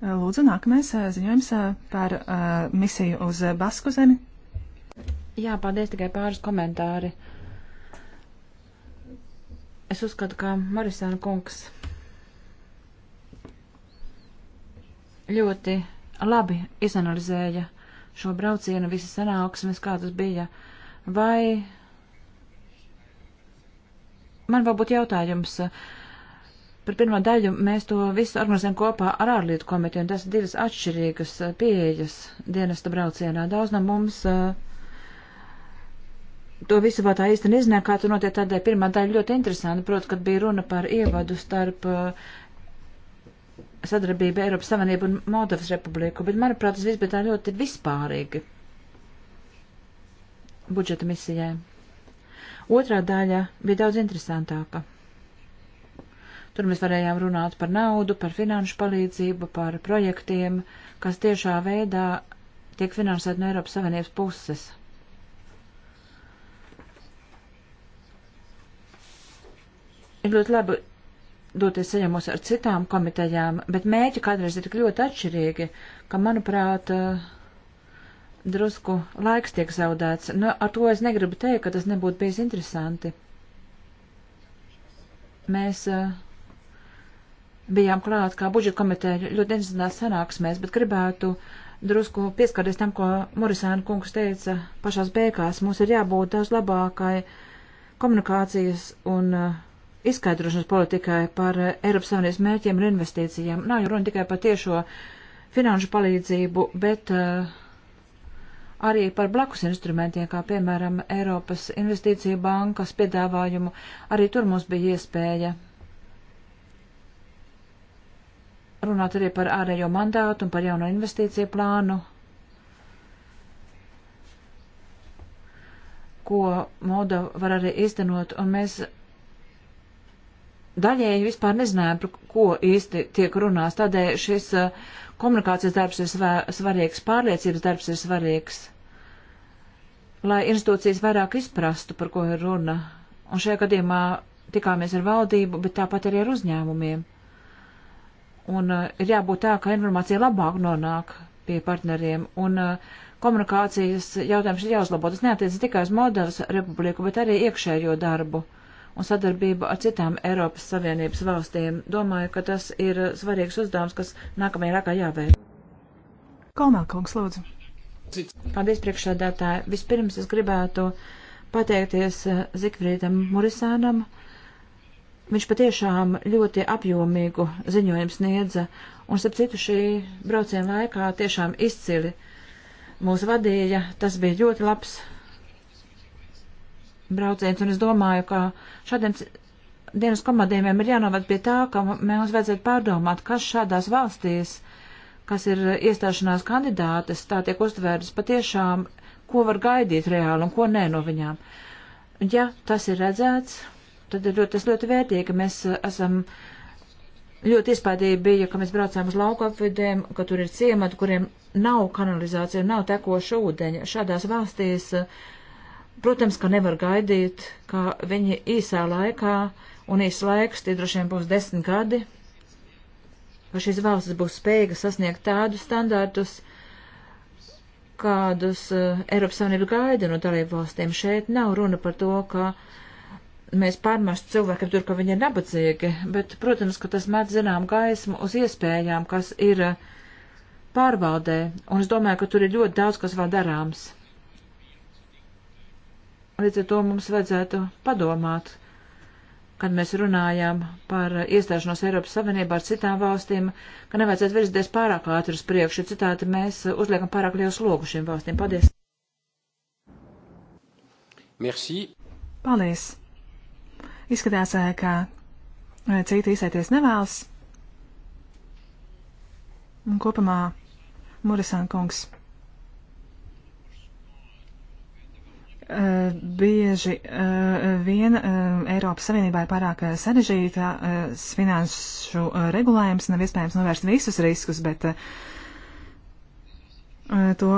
lūdzu nākamais ziņojums par misiju uz Basku zemi. Jā, paldies tikai pāris komentāri. Es uzskatu, ka Marisēna kungs ļoti labi izanalizēja šo braucienu, visas sanāksmes, kā tas bija. Vai Man vēl būtu jautājums. Eh, par pirmo daļu mēs to visu organizējam kopā ar ārlietu komiteju, un tas ir divas atšķirīgas eh, pieejas dienesta braucienā. Daudz no mums eh, to visu vēl tā īsti nezināja, kā tur notiek tādēļ. Pirmā daļa ļoti interesanta, protams, kad bija runa par ievadu starp sadarbību Eiropas Savienību un Moldovas Republiku, bet, manuprāt, tas viss bija tā ļoti vispārīgi budžeta misijai. Otrā daļa bija daudz interesantāka. Tur mēs varējām runāt par naudu, par finanšu palīdzību, par projektiem, kas tiešā veidā tiek finansēti no Eiropas Savienības puses. Ir ļoti labi doties saņemos ar citām komitejām, bet mēķi kādreiz ir tik ļoti atšķirīgi, ka, manuprāt, uh, drusku laiks tiek zaudēts. Nu, ar to es negribu teikt, ka tas nebūtu bijis interesanti. Mēs uh, bijām klāt kā budžeta komiteja ļoti interesantās sanāksmēs, bet gribētu drusku pieskarties tam, ko Morisāna kungs teica pašās beigās. Mums ir jābūt daudz labākai komunikācijas un uh, izskaidrošanas politikai par uh, Eiropas Savienības mērķiem un investīcijām. Nav jau runa tikai par tiešo finanšu palīdzību, bet uh, arī par blakus instrumentiem, kā piemēram Eiropas investīcija bankas piedāvājumu. Arī tur mums bija iespēja runāt arī par ārējo mandātu un par jauno investīciju plānu, ko moda var arī iztenot, un mēs daļēji vispār nezināja, par ko īsti tiek runās. Tādēļ šis uh, komunikācijas darbs ir svarīgs, pārliecības darbs ir svarīgs, lai institūcijas vairāk izprastu, par ko ir runa. Un šajā gadījumā tikāmies ar valdību, bet tāpat arī ar uzņēmumiem. Un uh, ir jābūt tā, ka informācija labāk nonāk pie partneriem. Un uh, komunikācijas jautājums ir jāuzlabo. Tas neatiec tikai uz Moldavas republiku, bet arī iekšējo darbu. Uh, un sadarbību ar citām Eiropas Savienības valstīm. Domāju, ka tas ir svarīgs uzdevums, kas nākamajā rākā jāvēl. Kalnā, kungs, lūdzu. Paldies, priekšsādātāji. Vispirms es gribētu pateikties eh, Zikfrīdam Murisānam. Viņš patiešām ļoti apjomīgu ziņojumu sniedza, un, starp citu, šī brauciena laikā tiešām izcili mūs vadīja. Tas bija ļoti labs brauciens, un es domāju, ka šādiem dienas komandējumiem ir jānovad pie tā, ka mums vajadzētu pārdomāt, kas šādās valstīs, kas ir iestāšanās kandidātes, tā tiek uztvērts patiešām, ko var gaidīt reāli un ko nē no viņām. Ja tas ir redzēts, tad ir ļoti, tas ļoti vērtīgi. Mēs esam ļoti izpētīgi bija, ka mēs braucām uz lauku apvidēm, ka tur ir ciemati, kuriem nav kanalizācija, nav tekoša ūdeņa. Šādās valstīs uh, Protams, ka nevar gaidīt, ka viņi īsā laikā, un īs laiks, tie droši vien būs desmit gadi, ka šīs valstis būs spējīgas sasniegt tādus standārtus, kādus uh, Eiropas Savienība gaida no dalību valstīm. Šeit nav runa par to, ka mēs pārmest cilvēkiem tur, ka viņi ir nabadzīgi, bet, protams, ka tas met zinām gaismu uz iespējām, kas ir eh, pārvaldē, un es domāju, ka tur ir ļoti daudz, kas vēl darāms. Līdz ar to mums vajadzētu padomāt, kad mēs runājām par iestāšanos Eiropas Savienībā ar citām valstīm, ka nevajadzētu virzīties pārāk ātri uz priekšu, citādi mēs uzliekam pārāk lielu slogu šīm valstīm. Paldies! Merci! Paldies! Izskatās, eh, ka eh, citi izsēties nevēlas. Un kopumā Murisan kungs. bieži eh, vien eh, Eiropas Savienībā ir pārāk eh, sarežģītas finanšu regulējums, nav iespējams novērst visus riskus, bet to,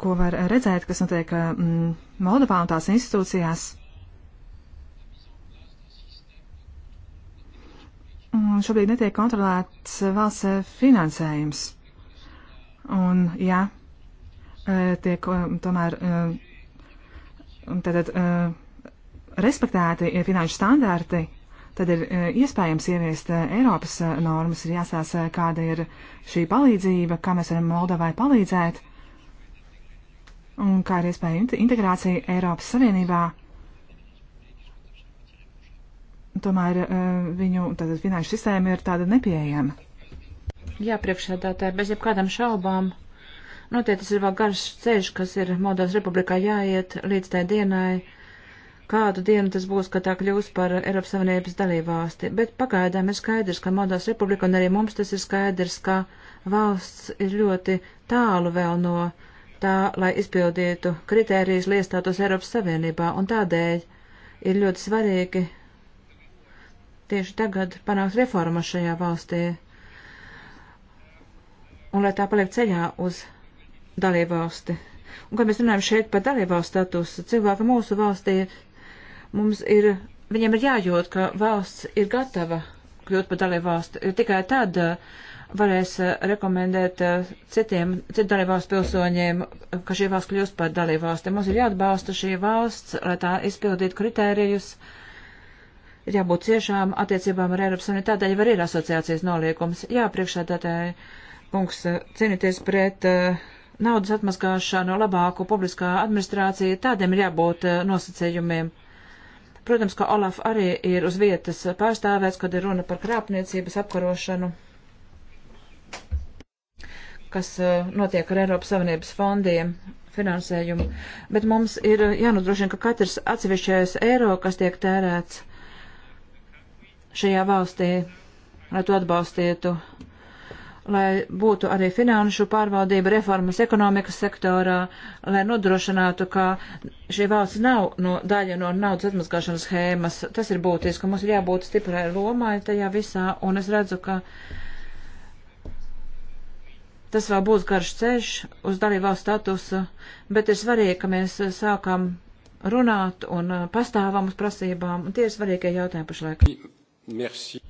ko var redzēt, kas notiek Moldovā un tās institūcijās. Šobrīd netiek kontrolēts valsts finansējums. Un, jā, tiek tomēr tātad, eh, respektēti finanšu standārti, tad ir eh, iespējams ieviest eh, Eiropas normas, ir jāstāsta, kāda ir šī palīdzība, kā mēs varam Moldovai palīdzēt, un kā ir iespēja integrācija Eiropas Savienībā. Tomēr viņu tātad, finanšu sistēma ir tāda nepieejama. Jā, priekšsēdētāji, bez jebkādām šaubām Noteikti nu, tas ir vēl garš ceļš, kas ir Moldovas republikā jāiet līdz tai dienai, kādu dienu tas būs, kad tā kļūs par Eiropas Savienības dalībvalsti. Bet pagaidām ir skaidrs, ka Moldovas republika un arī mums tas ir skaidrs, ka valsts ir ļoti tālu vēl no tā, lai izpildītu kritērijas liestātos Eiropas Savienībā, un tādēļ ir ļoti svarīgi tieši tagad panākt reformas šajā valstī, un lai tā paliek ceļā uz dalībvalsti. Un, kad mēs runājam šeit par dalībvalstu statusu, cilvēki mūsu valstī, mums ir, viņiem ir jājūt, ka valsts ir gatava kļūt par dalībvalstu, jo tikai tad uh, varēs uh, rekomendēt uh, citiem, citu dalībvalstu pilsoņiem, ka šī valsts kļūst par dalībvalsti. Mums ir jāatbalsta šī valsts, lai tā izpildītu kritērijus ir jābūt ciešām attiecībām ar Eiropas Savienību. Tādēļ var ir asociācijas noliekums. Jā, priekšsēdētāji, kungs, cīnīties pret uh, naudas atmaskāšanu, labāku publiskā administrāciju, tādiem ir jābūt eh, nosacījumiem. Protams, ka Olaf arī ir uz vietas pārstāvēts, kad ir runa par krāpniecības apkarošanu, kas eh, notiek ar Eiropas Savienības fondiem finansējumu. Bet mums ir eh, jānodrošina, ka katrs atsevišķais eiro, kas tiek tērēts šajā valstī, lai to atbalstītu lai būtu arī finanšu pārvaldība reformas ekonomikas sektorā, lai nodrošinātu, ka šī valsts nav no, daļa no naudas atmaskāšanas schēmas. Tas ir būtiski, mums ir jābūt stiprai lomai tajā visā, un es redzu, ka tas vēl būs garš ceļš uz dalībvalsts statusu, bet ir svarīgi, ka mēs sākam runāt un uh, pastāvam uz prasībām, un tie ir svarīgie jautājumi pašlaik. Merci.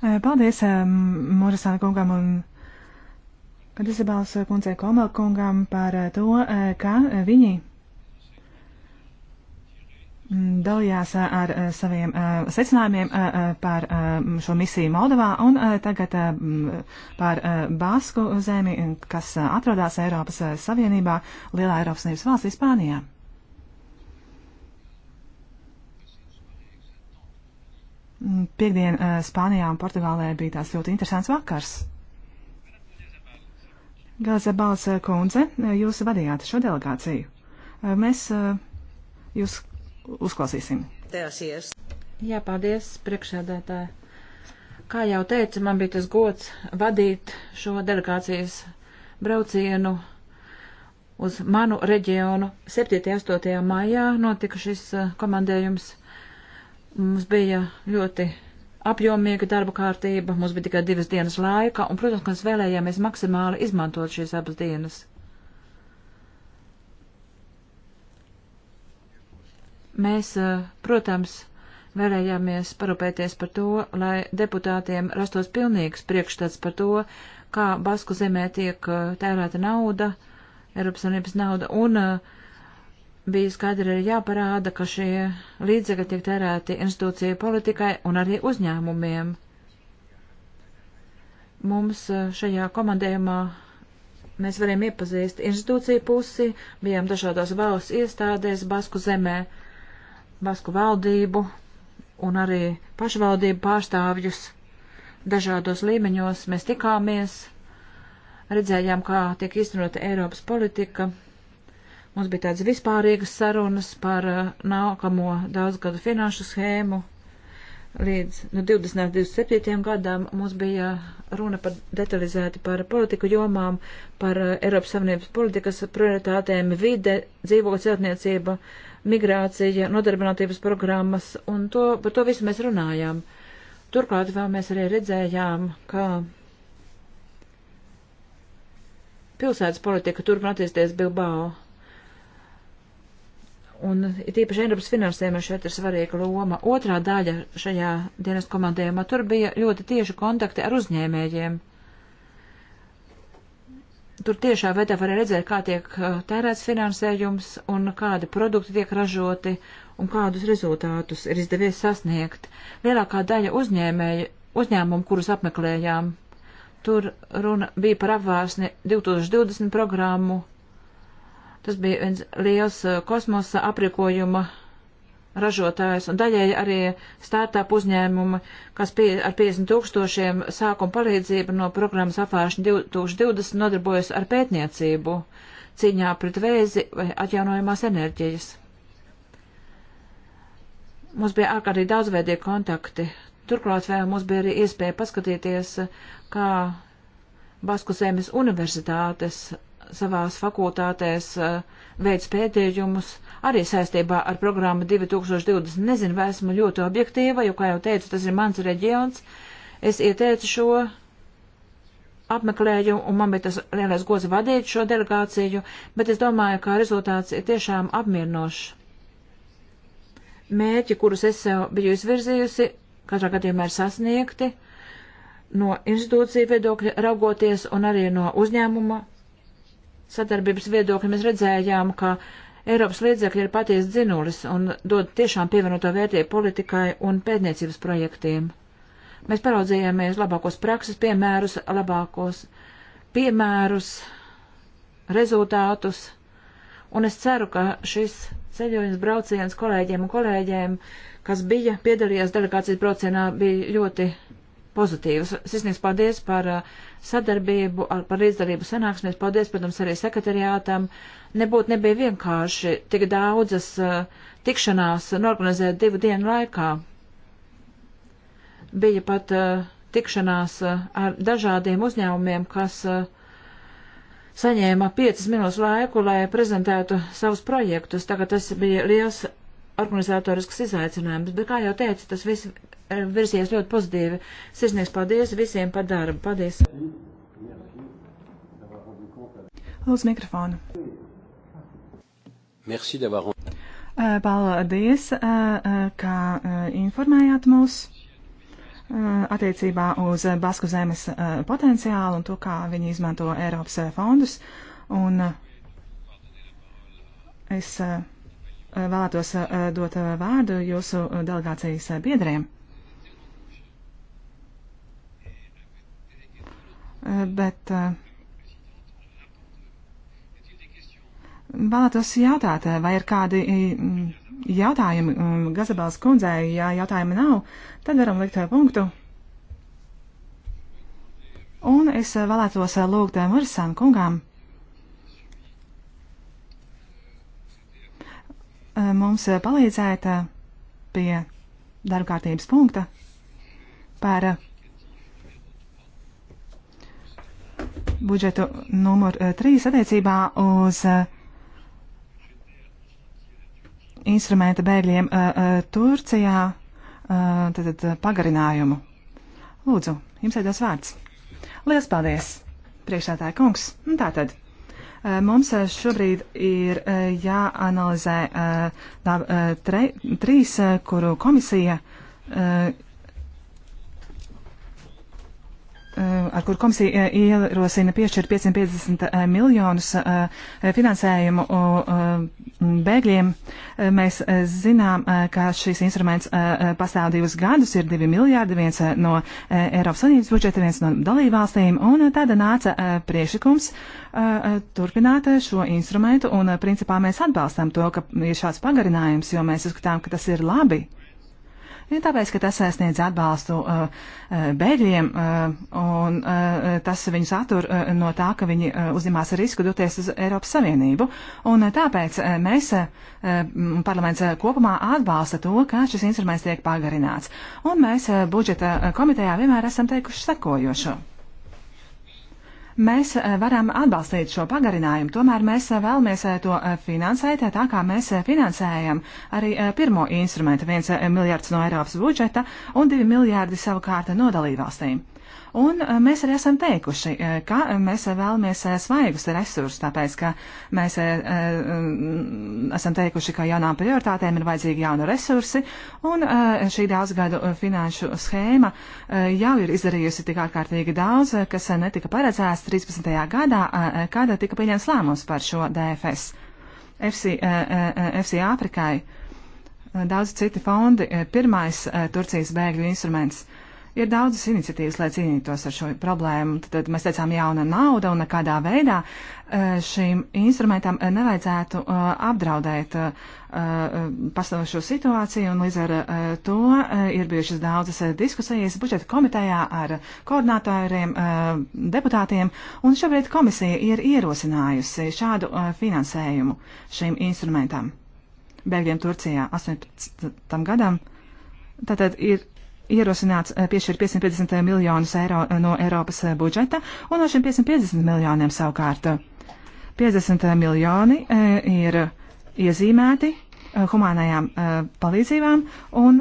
Paldies Morisāna kungam un Izabels kundzei Komal kungam par to, ka viņi dalījās ar saviem secinājumiem par šo misiju Moldovā un tagad par Basku zemi, kas atrodas Eiropas Savienībā, Lielā Eiropas Savienības valsts Spānijā. Mm, Piektdien eh, Spānijā un Portugālē bija tāds ļoti interesants vakars. Gāze Balsa eh, kundze, eh, jūs vadījāt šo delegāciju. Mēs jūs uzklausīsim. Tēsies. Jā, paldies, priekšsēdētāji. Kā jau teicu, man bija tas gods vadīt šo delegācijas braucienu uz manu reģionu. 7. un 8. maijā notika šis komandējums. Mums bija ļoti apjomīga darba kārtība, mums bija tikai divas dienas laika, un, protams, mēs vēlējāmies maksimāli izmantot šīs abas dienas. Mēs, eh, protams, vēlējāmies parūpēties par to, lai deputātiem rastos pilnīgs priekšstats par to, kā Basku zemē tiek eh, tērēta nauda, Eiropas Savienības nauda, un uh, bija skaidri arī jāparāda, ka šie līdzekļi tiek tērēti institūcija politikai un arī uzņēmumiem. Mums eh, šajā komandējumā mēs varējām iepazīst institūciju pusi, bijām dažādās valsts iestādēs, Basku zemē, Basku valdību un arī pašvaldību pārstāvjus. Dažādos līmeņos mēs tikāmies, redzējām, kā tiek īstenota Eiropas politika Mums bija tādas vispārīgas sarunas par uh, nākamo daudzgadu finanšu schēmu. Līdz nu, 20. 27. gadam mums bija runa par detalizēti par politiku jomām, par uh, Eiropas Savienības politikas prioritātēm, vide, dzīvo celtniecība, migrācija, nodarbinātības programmas, un to, par to visu mēs runājām. Turklāt vēl mēs arī redzējām, ka pilsētas politika turpin attīstīties Bilbao Un tīpaši Eiropas finansējumā šeit ir svarīga loma. Otrā daļa šajā dienas komandējumā tur bija ļoti tieši kontakti ar uzņēmējiem. Tur tiešā veidā varēja redzēt, kā tiek uh, tērēts finansējums un kādi produkti tiek ražoti un kādus rezultātus ir izdevies sasniegt. Lielākā daļa uzņēmēju, uzņēmumu, kurus apmeklējām, tur runa bija par apvārsni 2020 programmu Tas bija viens liels uh, kosmosa aprīkojuma ražotājs un daļēji arī startup uzņēmumi, kas pie, ar 50 tūkstošiem sākuma palīdzību no programmas apvēršana 2020 nodarbojas ar pētniecību cīņā pret vēzi vai atjaunojumās enerģijas. Mums bija ārkārtīgi daudzveidīgi kontakti. Turklāt vēl mums bija arī iespēja paskatīties, kā Basku zemes universitātes savās fakultātēs eh, veids pētījumus arī saistībā ar programmu 2020. Nezinu, vai esmu ļoti objektīva, jo, kā jau teicu, tas ir mans reģions. Es ieteicu šo apmeklēju, un man bija tas lielais gods vadīt šo delegāciju, bet es domāju, ka rezultāts ir tiešām apmierinošs. Mērķi, kurus es sev biju izvirzījusi, katrā gadījumā ir sasniegti no institūcija viedokļa raugoties un arī no uzņēmuma sadarbības viedokļa mēs redzējām, ka Eiropas līdzekļi ir patiesi dzinulis un dod tiešām pievienoto vērtību politikai un pētniecības projektiem. Mēs paraudzījāmies labākos prakses piemērus, labākos piemērus, rezultātus, un es ceru, ka šis ceļojums brauciens kolēģiem un kolēģiem, kas bija piedalījās delegācijas braucienā, bija ļoti pozitīvas. Sisnieks paldies par uh, sadarbību, ar, par līdzdarību sanāksmēs. Paldies, protams, arī sekretariātam. Nebūtu nebija vienkārši tik daudzas uh, tikšanās norganizēt divu dienu laikā. Bija pat uh, tikšanās ar dažādiem uzņēmumiem, kas saņēma 5 minūtes laiku, lai prezentētu savus projektus. Tagad tas bija liels organizatorisks izaicinājums, bet, kā jau teicu, tas viss eh, virsies ļoti pozitīvi. Sirsnieks paldies visiem par darbu. Paldies! Lūdzu mikrofonu. Merci d'avoir. Eh, paldies, eh, ka informējāt mūs attiecībā uz Basku zemes potenciālu un to, kā viņi izmanto Eiropas fondus. Un es uh, Eh, vēlētos eh, dot eh, vārdu jūsu delegācijas biedriem. Bet vēlētos jautāt, vai ir kādi jautājumi mm, Gazabels kundzei? Ja jautājumi nav, tad varam likt punktu. Un es vēlētos lūgt Morisānu kungām Eh, mums eh, palīdzēt eh, pie darba kārtības punkta par budžetu numur 3 attiecībā uz instrumenta bēgļiem Turcijā, tad pagarinājumu. Lūdzu, jums ir tas vārds. Lielas paldies, priekšētāja kungs. Nu, Tātad. Eh, mums eh, šobrīd ir eh, jāanalizē trīs, kuru komisija ar kur komisija e, ierosina piešķirt 550 e, miljonus e, finansējumu bēgļiem. Mēs zinām, ka šis instruments pastāv divus gadus, ir divi miljārdi, viens no Eiropas Savienības budžeta, viens no dalībvalstīm, un tāda nāca priešakums turpināt šo instrumentu, un principā mēs atbalstām to, ka ir šāds pagarinājums, jo mēs uzskatām, ka tas ir labi Vien tāpēc, ka tas eh, sniedz atbalstu eh, eh, bēgļiem un tas viņus attur no tā, ka viņi uzņemās risku doties uz Eiropas Savienību. Un tāpēc mēs, parlaments kopumā, atbalsta to, ka šis instruments tiek pagarināts. Un mēs budžeta komitejā vienmēr esam teikuši sekojošo. Mēs eh, varam atbalstīt šo pagarinājumu, tomēr mēs eh, vēlamies eh, to finansēt tā, kā mēs finansējam arī pirmo instrumentu - 1 miljards no Eiropas budžeta un 2 miljārdi savukārt no dalībvalstīm. Un eh, mēs arī esam teikuši, eh, ka mēs vēlamies eh, svaigus resursus, tāpēc, ka mēs esam teikuši, ka jaunām prioritātēm ir vajadzīgi jauni resursi, un šī daudzgadu finanšu schēma jau ir izdarījusi tik ārkārtīgi daudz, kas netika paredzēts 13. gadā, kad tika pieņems lēmums par šo DFS. FC, FC Āfrikai daudz citi fondi, pirmais Turcijas bēgļu instruments ir daudzas iniciatīvas, lai cīnītos ar šo problēmu. Tad mēs teicām, jauna nauda un nekādā veidā e, šīm instrumentam e, nevajadzētu e, apdraudēt pastāvošo situāciju, un līdz ar to ir bijušas daudzas diskusijas budžeta komitejā ar koordinātoriem, deputātiem, un šobrīd komisija ir ierosinājusi šādu finansējumu šīm instrumentam. Bēgļiem Turcijā 18. gadam. Tātad ir ierosināts eh, piešķirt 550 eh, miljonus eiro eh, no Eiropas budžeta, un no šiem 550 miljoniem savukārt 50 miljoni ir iezīmēti humanajām palīdzībām, un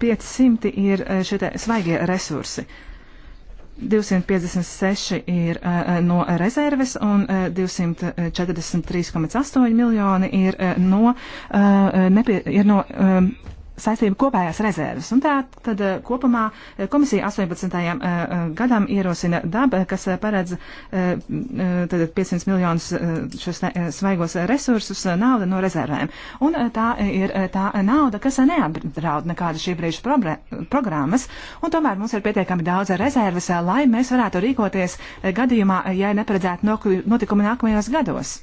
500 ir šie svaigie resursi. 256 ir no rezerves un 243,8 miljoni ir no, nepie, ir no saistību kopējās rezerves. Un tā tad eh, kopumā eh, komisija 18. Eh, gadam ierosina daba, kas paredz tad 500 miljonus šos svaigos resursus nauda no rezervēm. Un tā ir tā nauda, kas neapdraud nekāda šī brīža programmas, un tomēr mums ir pietiekami daudz rezerves, lai mēs varētu rīkoties gadījumā, ja neparedzētu notikumi nākamajos gados.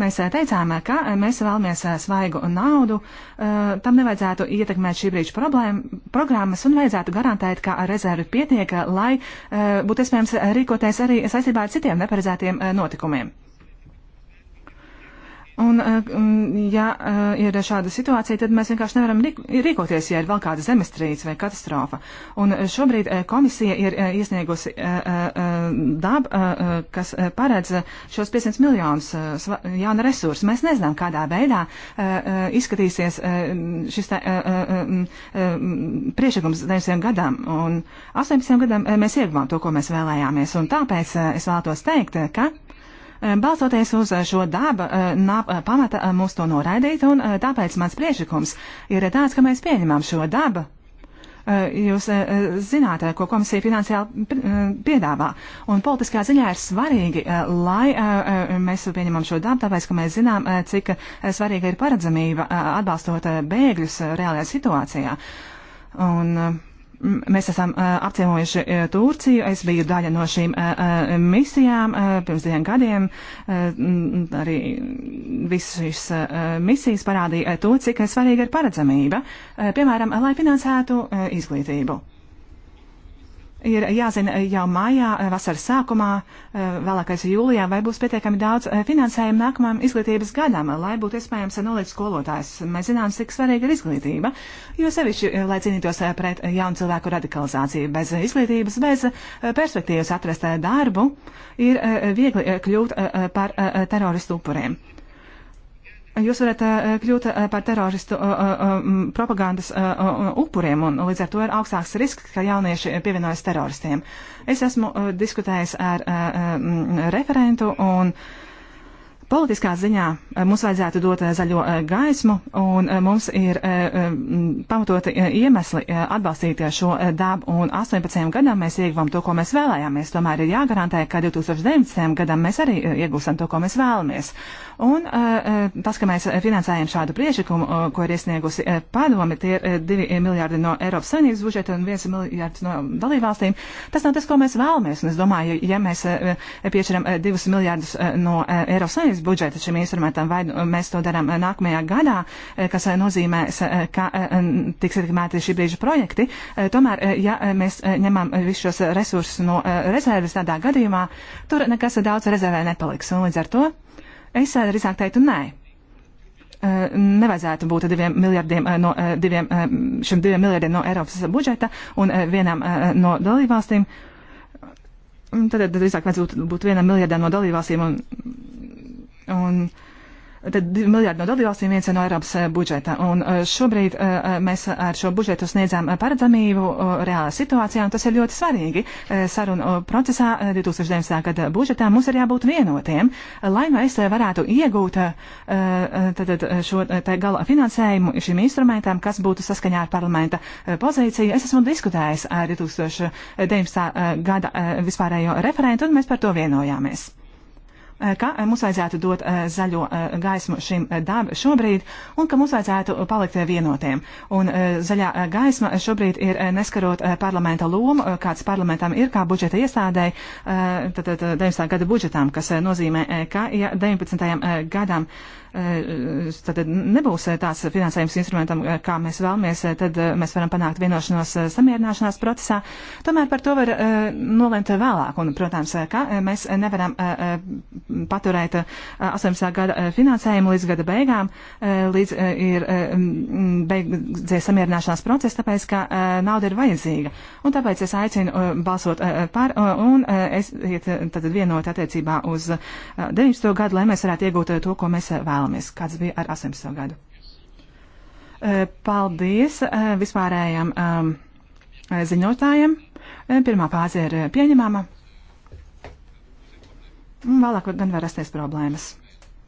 Mēs eh, teicām, ka eh, mēs vēlamies eh, svaigu naudu, tam nevajadzētu ietekmēt šī brīža problēma, programmas un vajadzētu garantēt, ka rezervi pietiek, lai būtu iespējams rīkoties arī saistībā ar citiem neparedzētiem notikumiem. Eh, un, ja eh, ir šāda situācija, tad mēs vienkārši nevaram rīkoties, ja ir vēl kāda zemestrīce vai katastrofa. Un eh, šobrīd komisija ir iesniegusi dab, kas paredz šos 500 miljonus jauna resursu. Mēs nezinām, kādā veidā izskatīsies šis priešakums 90 gadam. Un 18 gadam mēs ieguvām to, ko mēs vēlējāmies. Un tāpēc es vēlētos teikt, ka Eh, balstoties uz eh, šo daba eh, nab, pamata, mums to noraidīt, un tāpēc mans priešakums ir tāds, ka mēs pieņemam šo dabu. Jūs zināt, ko komisija finansiāli piedāvā. Un politiskā ziņā ir svarīgi, lai mēs pieņemam šo dabu, tāpēc, ka mēs zinām, cik svarīga ir paredzamība atbalstot bēgļus reālajā situācijā. Un, uh, Mēs esam apciemojuši Turciju. Es biju daļa no šīm misijām pirms diviem gadiem. Arī visas šīs misijas parādīja to, cik svarīga ir paredzamība, piemēram, lai finansētu izglītību ir jāzina jau maijā, eh, vasaras sākumā, eh, vēlākais jūlijā, vai būs pietiekami daudz eh, finansējuma nākamajam izglītības gadam, lai būtu iespējams nolīdz skolotājs. Mēs zinām, cik svarīga ir izglītība, jo sevišķi, lai cīnītos pret jaunu cilvēku radikalizāciju, bez izglītības, bez perspektīvas atrast darbu, ir viegli kļūt par teroristu upuriem jūs varat eh, kļūt eh, par teroristu eh, propagandas upuriem, un līdz ar to ir augstāks risks, ka jaunieši pievienojas teroristiem. Es esmu diskutējis ar referentu, un politiskā ziņā mums vajadzētu dot zaļo gaismu, un mums ir pamatoti iemesli atbalstīt šo dabu, un 18 gadam mēs ieguvām to, ko mēs vēlējāmies. Tomēr ir jāgarantē, ka 2019. gadam mēs arī iegūsim to, ko mēs vēlamies. Un eh, eh, tas, ka mēs finansējam šādu priešakumu, eh, ko ir iesniegusi padomi, tie ir 2 miljārdi no Eiropas Savienības budžeta un 1 miljārds no dalībvalstīm, tas nav tas, ko mēs vēlamies. Un es domāju, ja mēs piešķiram 2 miljārdus no Eiropas Savienības budžeta šim instrumentam, vai mēs to darām nākamajā gadā, kas nozīmē, ka tiks ietekmēti šī brīža projekti, tomēr, ja mēs ņemam visus šos resursus no rezerves, tādā gadījumā tur nekas daudz rezervē nepaliks. Un līdz ar to Es eh, drīzāk teiktu nē. Eh, nevajadzētu būt diviem miljardiem eh, no, diviem, šim diviem miljardiem no Eiropas budžeta un vienam no dalībvalstīm. Tad drīzāk vajadzētu būt vienam miljardam no dalībvalstīm un, un Tad miljārdi no dalībvalstīm, viens no Eiropas eh, budžeta. Un eh, šobrīd eh, mēs ar šo budžetu sniedzām paredzamību reālā situācijā, un tas ir ļoti svarīgi. Sarunu procesā 2019. gada budžetā mums ir jābūt vienotiem, lai mēs varētu iegūt tad, šo gala finansējumu šim instrumentam, kas būtu saskaņā ar parlamenta pozīciju. Es esmu diskutējis ar 2019. gada vispārējo referentu, un mēs par to vienojāmies ka mums vajadzētu dot eh, zaļo eh, gaismu šim eh, darbam šobrīd un ka mums vajadzētu palikt vienotiem. Un zaļā gaisma šobrīd ir neskarot parlamenta lomu, kāds parlamentam ir kā budžeta iestādēji, tad 19. gada budžetām, kas nozīmē, ka ja 19. gadam. Uh, Eh, tad nebūs eh, tās finansējums instrumentam, eh, kā mēs vēlamies, tad mēs varam panākt vienošanos samierināšanās procesā. Tomēr par to var nolemt vēlāk. Un, protams, ka mēs nevaram paturēt 18. gada finansējumu līdz gada beigām, līdz ir beigdzies samierināšanās process, tāpēc, ka nauda ir vajadzīga. Un tāpēc es aicinu balsot par un es iet tad vienot attiecībā uz 19. gadu, lai mēs varētu iegūt to, ko mēs vēlamies vēlamies, kāds bija ar 18. gadu. E, paldies e, vispārējiem e, ziņotājiem. Pirmā fāze ir pieņemama. Vēlāk gan var rasties problēmas.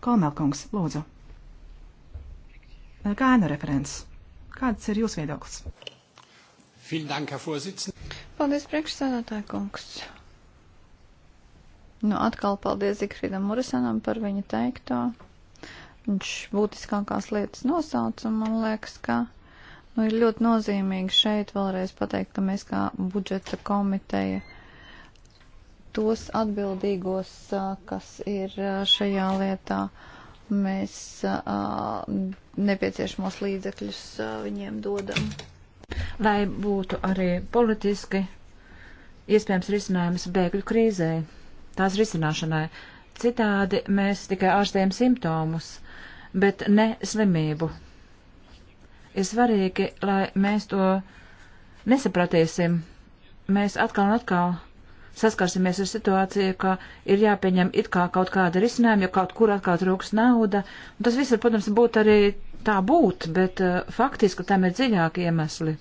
Kolmelkungs, lūdzu. Kā ēna referents? Kāds ir jūsu viedoklis? Paldies, priekšsēdētāji kungs. Nu, atkal paldies Zikfrīdam Murisanam par viņa teikto. Viņš būtiskākās lietas nosauca, un man liekas, ka nu, ir ļoti nozīmīgi šeit vēlreiz pateikt, ka mēs kā budžeta komiteja tos atbildīgos, kas ir šajā lietā, mēs nepieciešamos līdzekļus viņiem dodam. Vai būtu arī politiski iespējams risinājums bēgļu krīzē, tās risināšanai. Citādi mēs tikai ārstējam simptomus, bet ne slimību. Ir svarīgi, lai mēs to nesapratīsim. Mēs atkal un atkal saskarsimies ar situāciju, ka ir jāpieņem it kā kaut kāda risinājuma, jo kaut kur atkal trūks nauda. Un tas viss var, protams, būt arī tā būt, bet uh, faktiski tam ir dziļāki iemesli.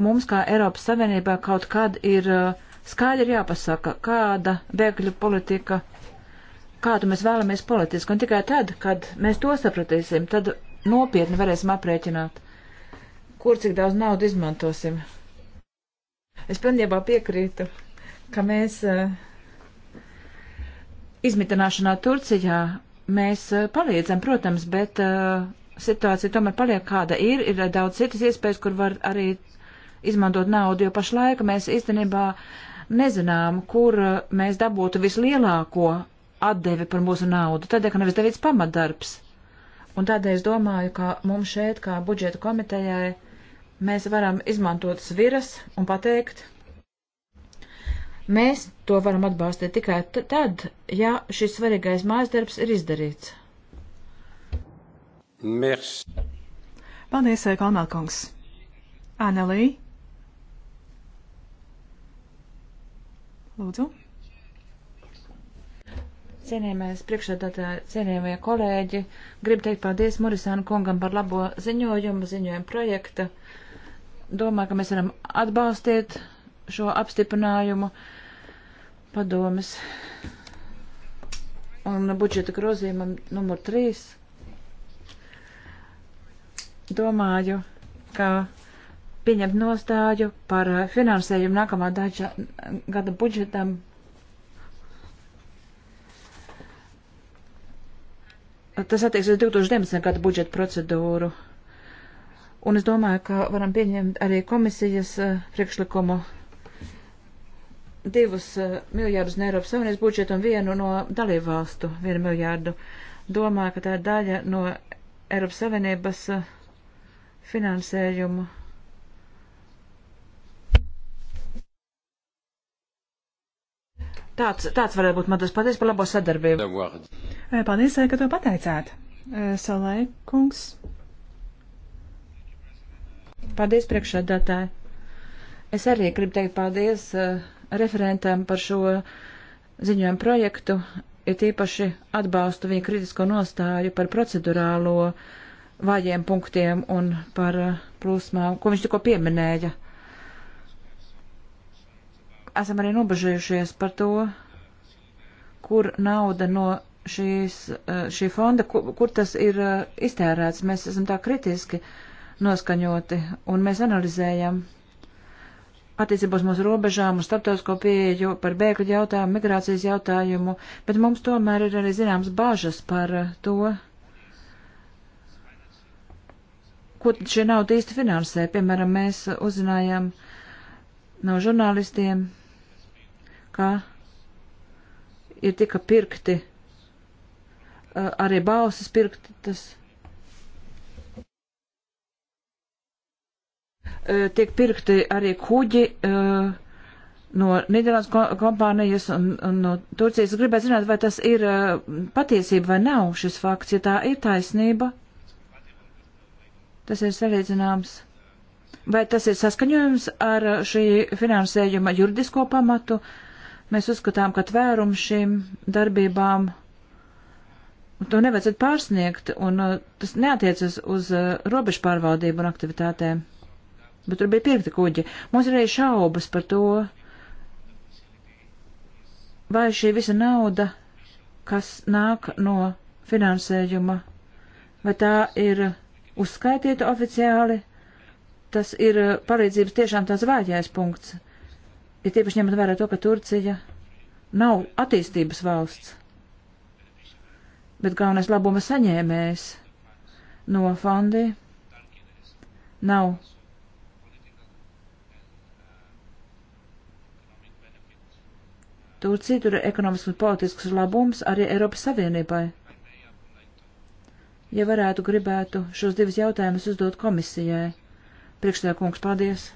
Mums, kā Eiropas Savienībā, kaut kad ir uh, eh, skaidri jāpasaka, kāda bēgļu politika kādu mēs vēlamies politiski, un tikai tad, kad mēs to sapratīsim, tad nopietni varēsim aprēķināt, kur cik daudz naudu izmantosim. Es pilnībā piekrītu, ka mēs uh, izmitināšanā Turcijā mēs uh, palīdzam, protams, bet uh, situācija tomēr paliek kāda ir, ir daudz citas iespējas, kur var arī izmantot naudu, jo pašlaik mēs īstenībā nezinām, kur mēs dabūtu vislielāko atdevi par mūsu naudu, tādēļ, ka nav izdarīts pamatdarbs. Un tādēļ es domāju, ka mums šeit, kā budžeta komitejai, mēs varam izmantot sviras un pateikt, mēs to varam atbalstīt tikai tad, ja šis svarīgais mājasdarbs ir izdarīts. Mirs. Paldies, eh, Kalmelkungs. Annelī. Lūdzu. Cienījamais priekšsēdētāji, cienījamie kolēģi, gribu teikt paldies Morisānu kungam par labo ziņojumu, ziņojumu projekta. Domāju, ka mēs varam atbalstīt šo apstiprinājumu padomas un budžeta grozījumam numur 3. Domāju, ka pieņemt nostāju par finansējumu nākamā daža gada budžetam Tas attieksies 2019. gada budžeta procedūru. Un es domāju, ka varam pieņemt arī komisijas eh, priekšlikumu divus eh, miljārdus no Eiropas Savienības budžeta un vienu no dalībvalstu, vienu miljārdu. Domāju, ka tā ir daļa no Eiropas Savienības eh, finansējuma Tāds, tāds varētu būt man tas paties par labo sadarbību. Paldies, ka to pateicāt. Solē, kungs. Paldies, priekšsēdētāji. Es arī gribu teikt paldies uh, referentam par šo ziņojumu projektu, ir tīpaši atbalstu viņa kritisko nostāju par procedurālo vājiem punktiem un par uh, plūsmām, ko viņš tikko pieminēja. Uh, esam arī nobežējušies par to, kur nauda no šīs, eh, šī fonda, kur, kur tas ir eh, iztērēts. Mēs esam tā kritiski noskaņoti un mēs analizējam attiecībos mūsu robežām, uz starptautisko pieeju, par bēgļu jautājumu, migrācijas jautājumu, bet mums tomēr ir arī zināms bāžas par eh, to, ko šī nauda īsti finansē. Piemēram, mēs uzzinājām no žurnālistiem, ka ir tika pirkti eh, arī balsis pirktas. Eh, tiek pirkti arī kuģi eh, no Nīderlandes kompānijas un, un no Turcijas. Gribētu zināt, vai tas ir patiesība vai nav šis fakts. Ja tā ir taisnība, tas ir salīdzināms. Vai tas ir saskaņojums ar šī finansējuma juridisko pamatu? Uh, Mēs uzskatām, ka tvērumu šīm darbībām to nevajadzētu pārsniegt, un uh, tas neatiecas uz uh, robežu pārvaldību un aktivitātēm. Bet tur bija pirkti kuģi. Mums ir arī šaubas par to, vai šī visa nauda, kas nāk no finansējuma, vai tā ir uzskaitīta oficiāli, tas ir uh, palīdzības tiešām tās vājais punkts ja tiepaši ņemot vērā to, ka Turcija nav attīstības valsts, bet galvenais labuma saņēmējs no fondi nav Turcija tur ir ekonomisks un politisks labums arī Eiropas Savienībai. Ja varētu, gribētu šos divus jautājumus uzdot komisijai. Priekšstādā kungs, paldies!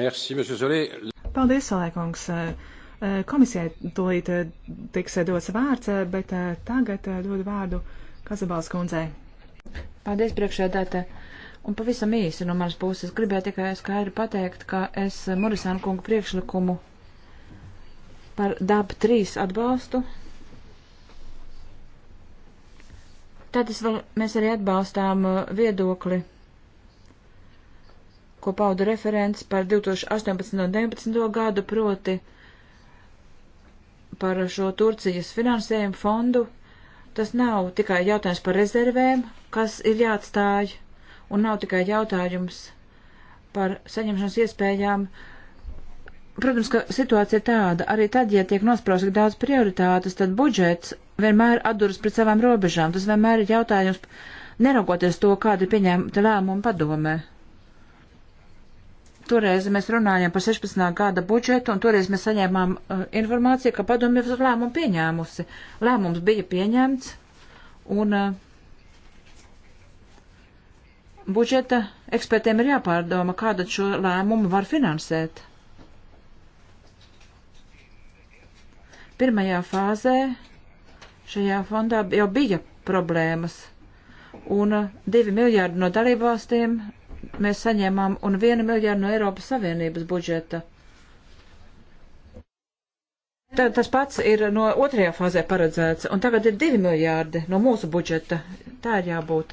Merci, Paldies, Solēkungs. Eh, eh, komisijai tūlīt eh, tiks dots vārds, bet tagad dod vārdu Kazabals kundzei. Paldies, priekšēdētē. Un pavisam īsi no manas puses gribēju tikai skaidri pateikt, ka es Morisānu kungu priekšlikumu par DAB 3 atbalstu. Tad es vēl, mēs arī atbalstām viedokli ko pauda referents par 2018. un 2019. gadu, proti par šo Turcijas finansējumu fondu. Tas nav tikai jautājums par rezervēm, kas ir jāatstāj, un nav tikai jautājums par saņemšanas iespējām. Protams, ka situācija ir tāda, arī tad, ja tiek nospraust tik daudz prioritātes, tad budžets vienmēr atduras pret savām robežām. Tas vienmēr ir jautājums, neraugoties to, kāda ir pieņemta lēmuma padomē. Toreiz mēs runājām par 16. gada budžetu, un toreiz mēs saņēmām uh, informāciju, ka padomju ir lēmumu pieņēmusi. Lēmums bija pieņemts, un uh, budžeta ekspertiem ir jāpārdoma, kāda šo lēmumu var finansēt. Pirmajā fāzē šajā fondā jau bija problēmas, un uh, divi miljārdi no dalībvalstīm mēs saņēmām un viena miljārdu no Eiropas Savienības budžeta. Tā, tas pats ir no otrajā fāzē paredzēts, un tagad ir divi miljārdi no mūsu budžeta. Tā ir jābūt.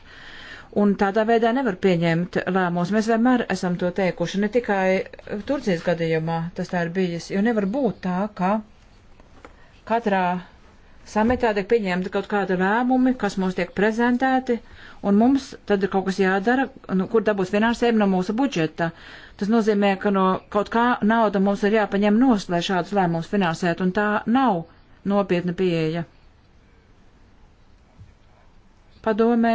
Un tādā veidā nevar pieņemt lēmumus. Mēs vienmēr esam to teikuši, ne tikai Turcijas gadījumā tas tā ir bijis, jo nevar būt tā, ka katrā samitā tiek pieņemti kaut kādi lēmumi, kas mums tiek prezentēti, uh, un mums tad ir kaut kas jādara, nu, kur dabūs finansējumu no mūsu budžeta. Tas nozīmē, ka no kaut kā nauda mums ir jāpaņem nost, lai šādus lēmumus finansētu, un tā nav nopietna pieeja. Padomē,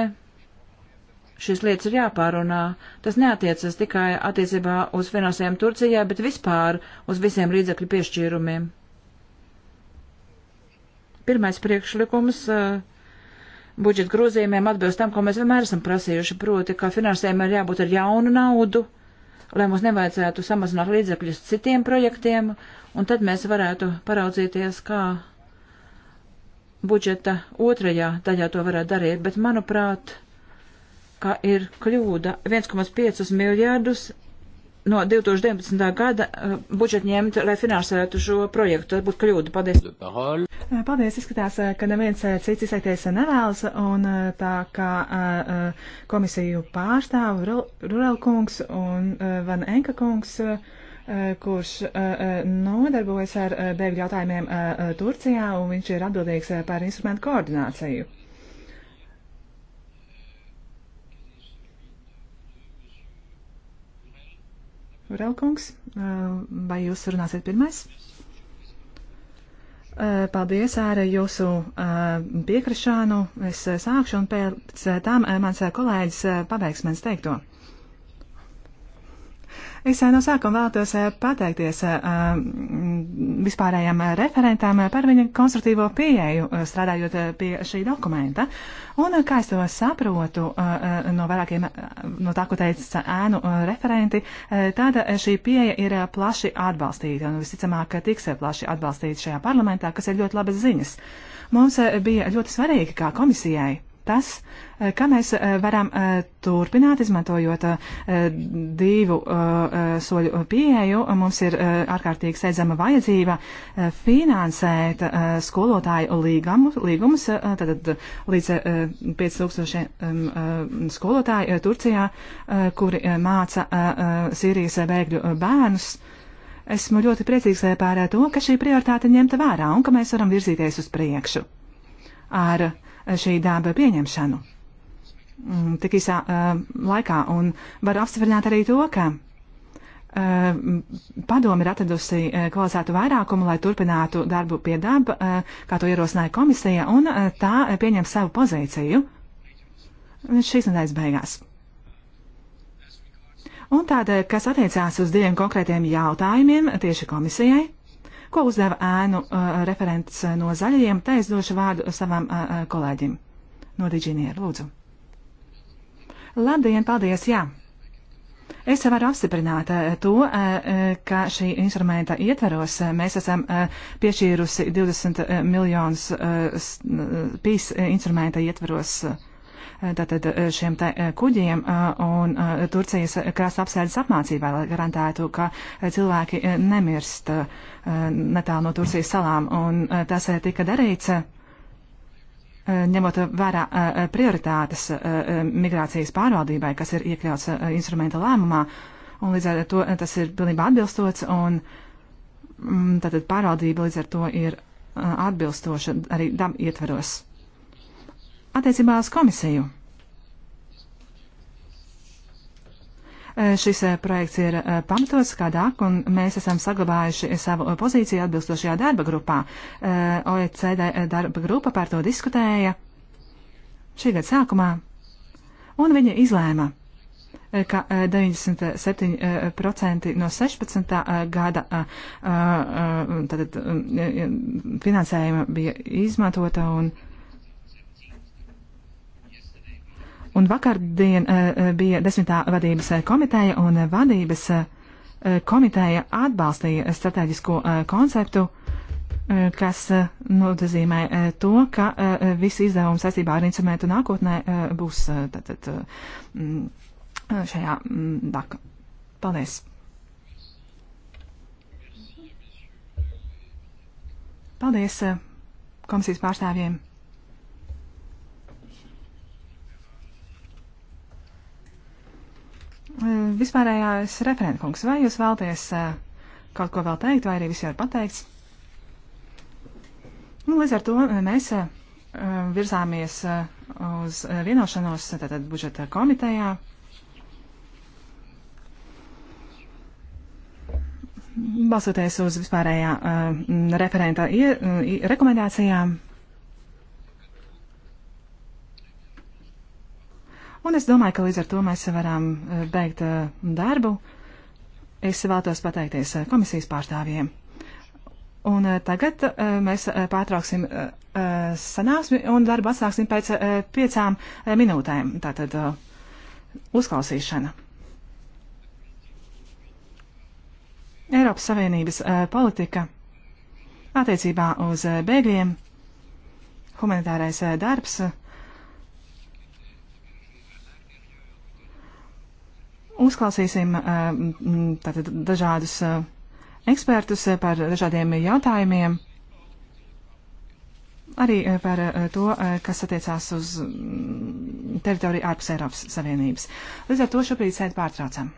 šīs lietas ir jāpārunā. Tas neatiecas tikai attiecībā uz finansējumu Turcijā, bet vispār uz visiem līdzekļu piešķīrumiem. Pirmais priekšlikums. Uh, budžeta grozījumiem atbilst tam, ko mēs vienmēr esam prasījuši, proti, ka finansējumam ir jābūt ar jaunu naudu, lai mums nevajadzētu samazināt līdzekļus citiem projektiem, un tad mēs varētu paraudzīties, kā budžeta otrajā daļā to varētu darīt, bet manuprāt, ka ir kļūda 1,5 miljārdus no 2019. gada eh, budžeta ņemt, lai finansētu šo projektu. Tas būtu kļūda. Paldies. Eh, paldies. Izskatās, eh, ka neviens cits izsaikties nevēlas, un tā kā komisiju pārstāv Rurel kungs un Van Enka kungs kurš nodarbojas ar bēgļu jautājumiem Turcijā, un viņš ir atbildīgs par instrumentu koordināciju. Vrelkungs, vai jūs runāsiet pirmais? Paldies ar jūsu piekrišanu. Es sākšu un pēc tam mans kolēģis pabeigs manis teikto. Es eh, no sākuma vēlētos eh, pateikties eh, vispārējām referentām par viņa konstruktīvo pieeju strādājot pie šī dokumenta. Un, kā es to saprotu no vairākiem, no tā, ko teica ēnu referenti, tad šī pieeja ir plaši atbalstīta un visticamāk tiks plaši atbalstīta šajā parlamentā, kas ir ļoti labas ziņas. Mums bija ļoti svarīgi kā komisijai tas, eh, ka mēs eh, varam eh, turpināt, izmantojot divu soļu pieeju. Mums ir ārkārtīgi steidzama vajadzība finansēt skolotāju līgumus, līgumus tātad līdz 5000 mm, skolotāju Turcijā, kuri māca Sīrijas bēgļu bērnus. Esmu ļoti priecīgs par to, ka šī prioritāte ņemta vērā un ka mēs varam virzīties uz priekšu ar šī daba pieņemšanu mm, tik īsā uh, laikā. Un var apstiprināt arī to, ka uh, padomi ir atradusi uh, kvalificētu vairākumu, lai turpinātu darbu pie daba, uh, kā to ierosināja komisija, un uh, tā pieņem savu pozīciju šīs nedēļas beigās. Un tāda, kas attiecās uz diviem konkrētiem jautājumiem tieši komisijai, ko uzdeva ēnu referents no zaļajiem, tā es došu vārdu savam kolēģim no Diģinieru. Lūdzu. Labdien, paldies, jā. Es varu apstiprināt to, ka šī instrumenta ietveros mēs esam piešķīrusi 20 miljonus PIS instrumenta ietveros tātad eh, šiem tā, eh, kuģiem eh, un Turcijas krasta apsēdes apmācībā, lai garantētu, ka cilvēki nemirst netālu no Turcijas salām. Un tas tika darīts ņemot vērā prioritātes migrācijas pārvaldībai, kas ir iekļauts instrumenta lēmumā. Un līdz ar to tas ir pilnībā atbilstots un mm, tātad pārvaldība līdz ar to ir atbilstoša arī dam ietveros. Attiecībā uz komisiju. Eh, šis eh, projekts ir eh, pamatots kā dāk, un mēs esam saglabājuši savu pozīciju atbilstošajā darba grupā. OECD darba grupa par to diskutēja šī gada sākumā, un viņa izlēma, ka 97% no 16. gada tātad, finansējuma bija izmantota un Un vakardien eh, eh, bija desmitā vadības eh, komiteja, un vadības komiteja atbalstīja strateģisko konceptu, kas nozīmē to, ka visi izdevumi saistībā ar instrumentu nākotnē būs tātad, mm, šajā mm, daka. Paldies! Paldies komisijas pārstāvjiem! Vispārējais referentkungs, vai jūs vēlties eh, kaut ko vēl teikt, vai arī viss jau ir pateikts? Nu, līdz ar to mēs eh, virzāmies eh, uz vienošanos tātad budžeta komitejā. Balsoties uz vispārējā referenta rekomendācijām, Un es domāju, ka līdz ar to mēs varam eh, beigt eh, darbu. Es vēlos pateikties eh, komisijas pārstāvjiem. Un tagad mēs pārtrauksim sanāksmi un darbu atsāksim pēc piecām minūtēm. Tātad uzklausīšana. Eiropas Savienības politika attiecībā uz bēgļiem, humanitārais darbs. uzklausīsim eh, tātad, dažādus eh, ekspertus eh, par dažādiem jautājumiem. Arī par to, kas attiecās uz mm, teritoriju ārpus Eiropas Savienības. Līdz ar to šobrīd sēdi pārtraucam.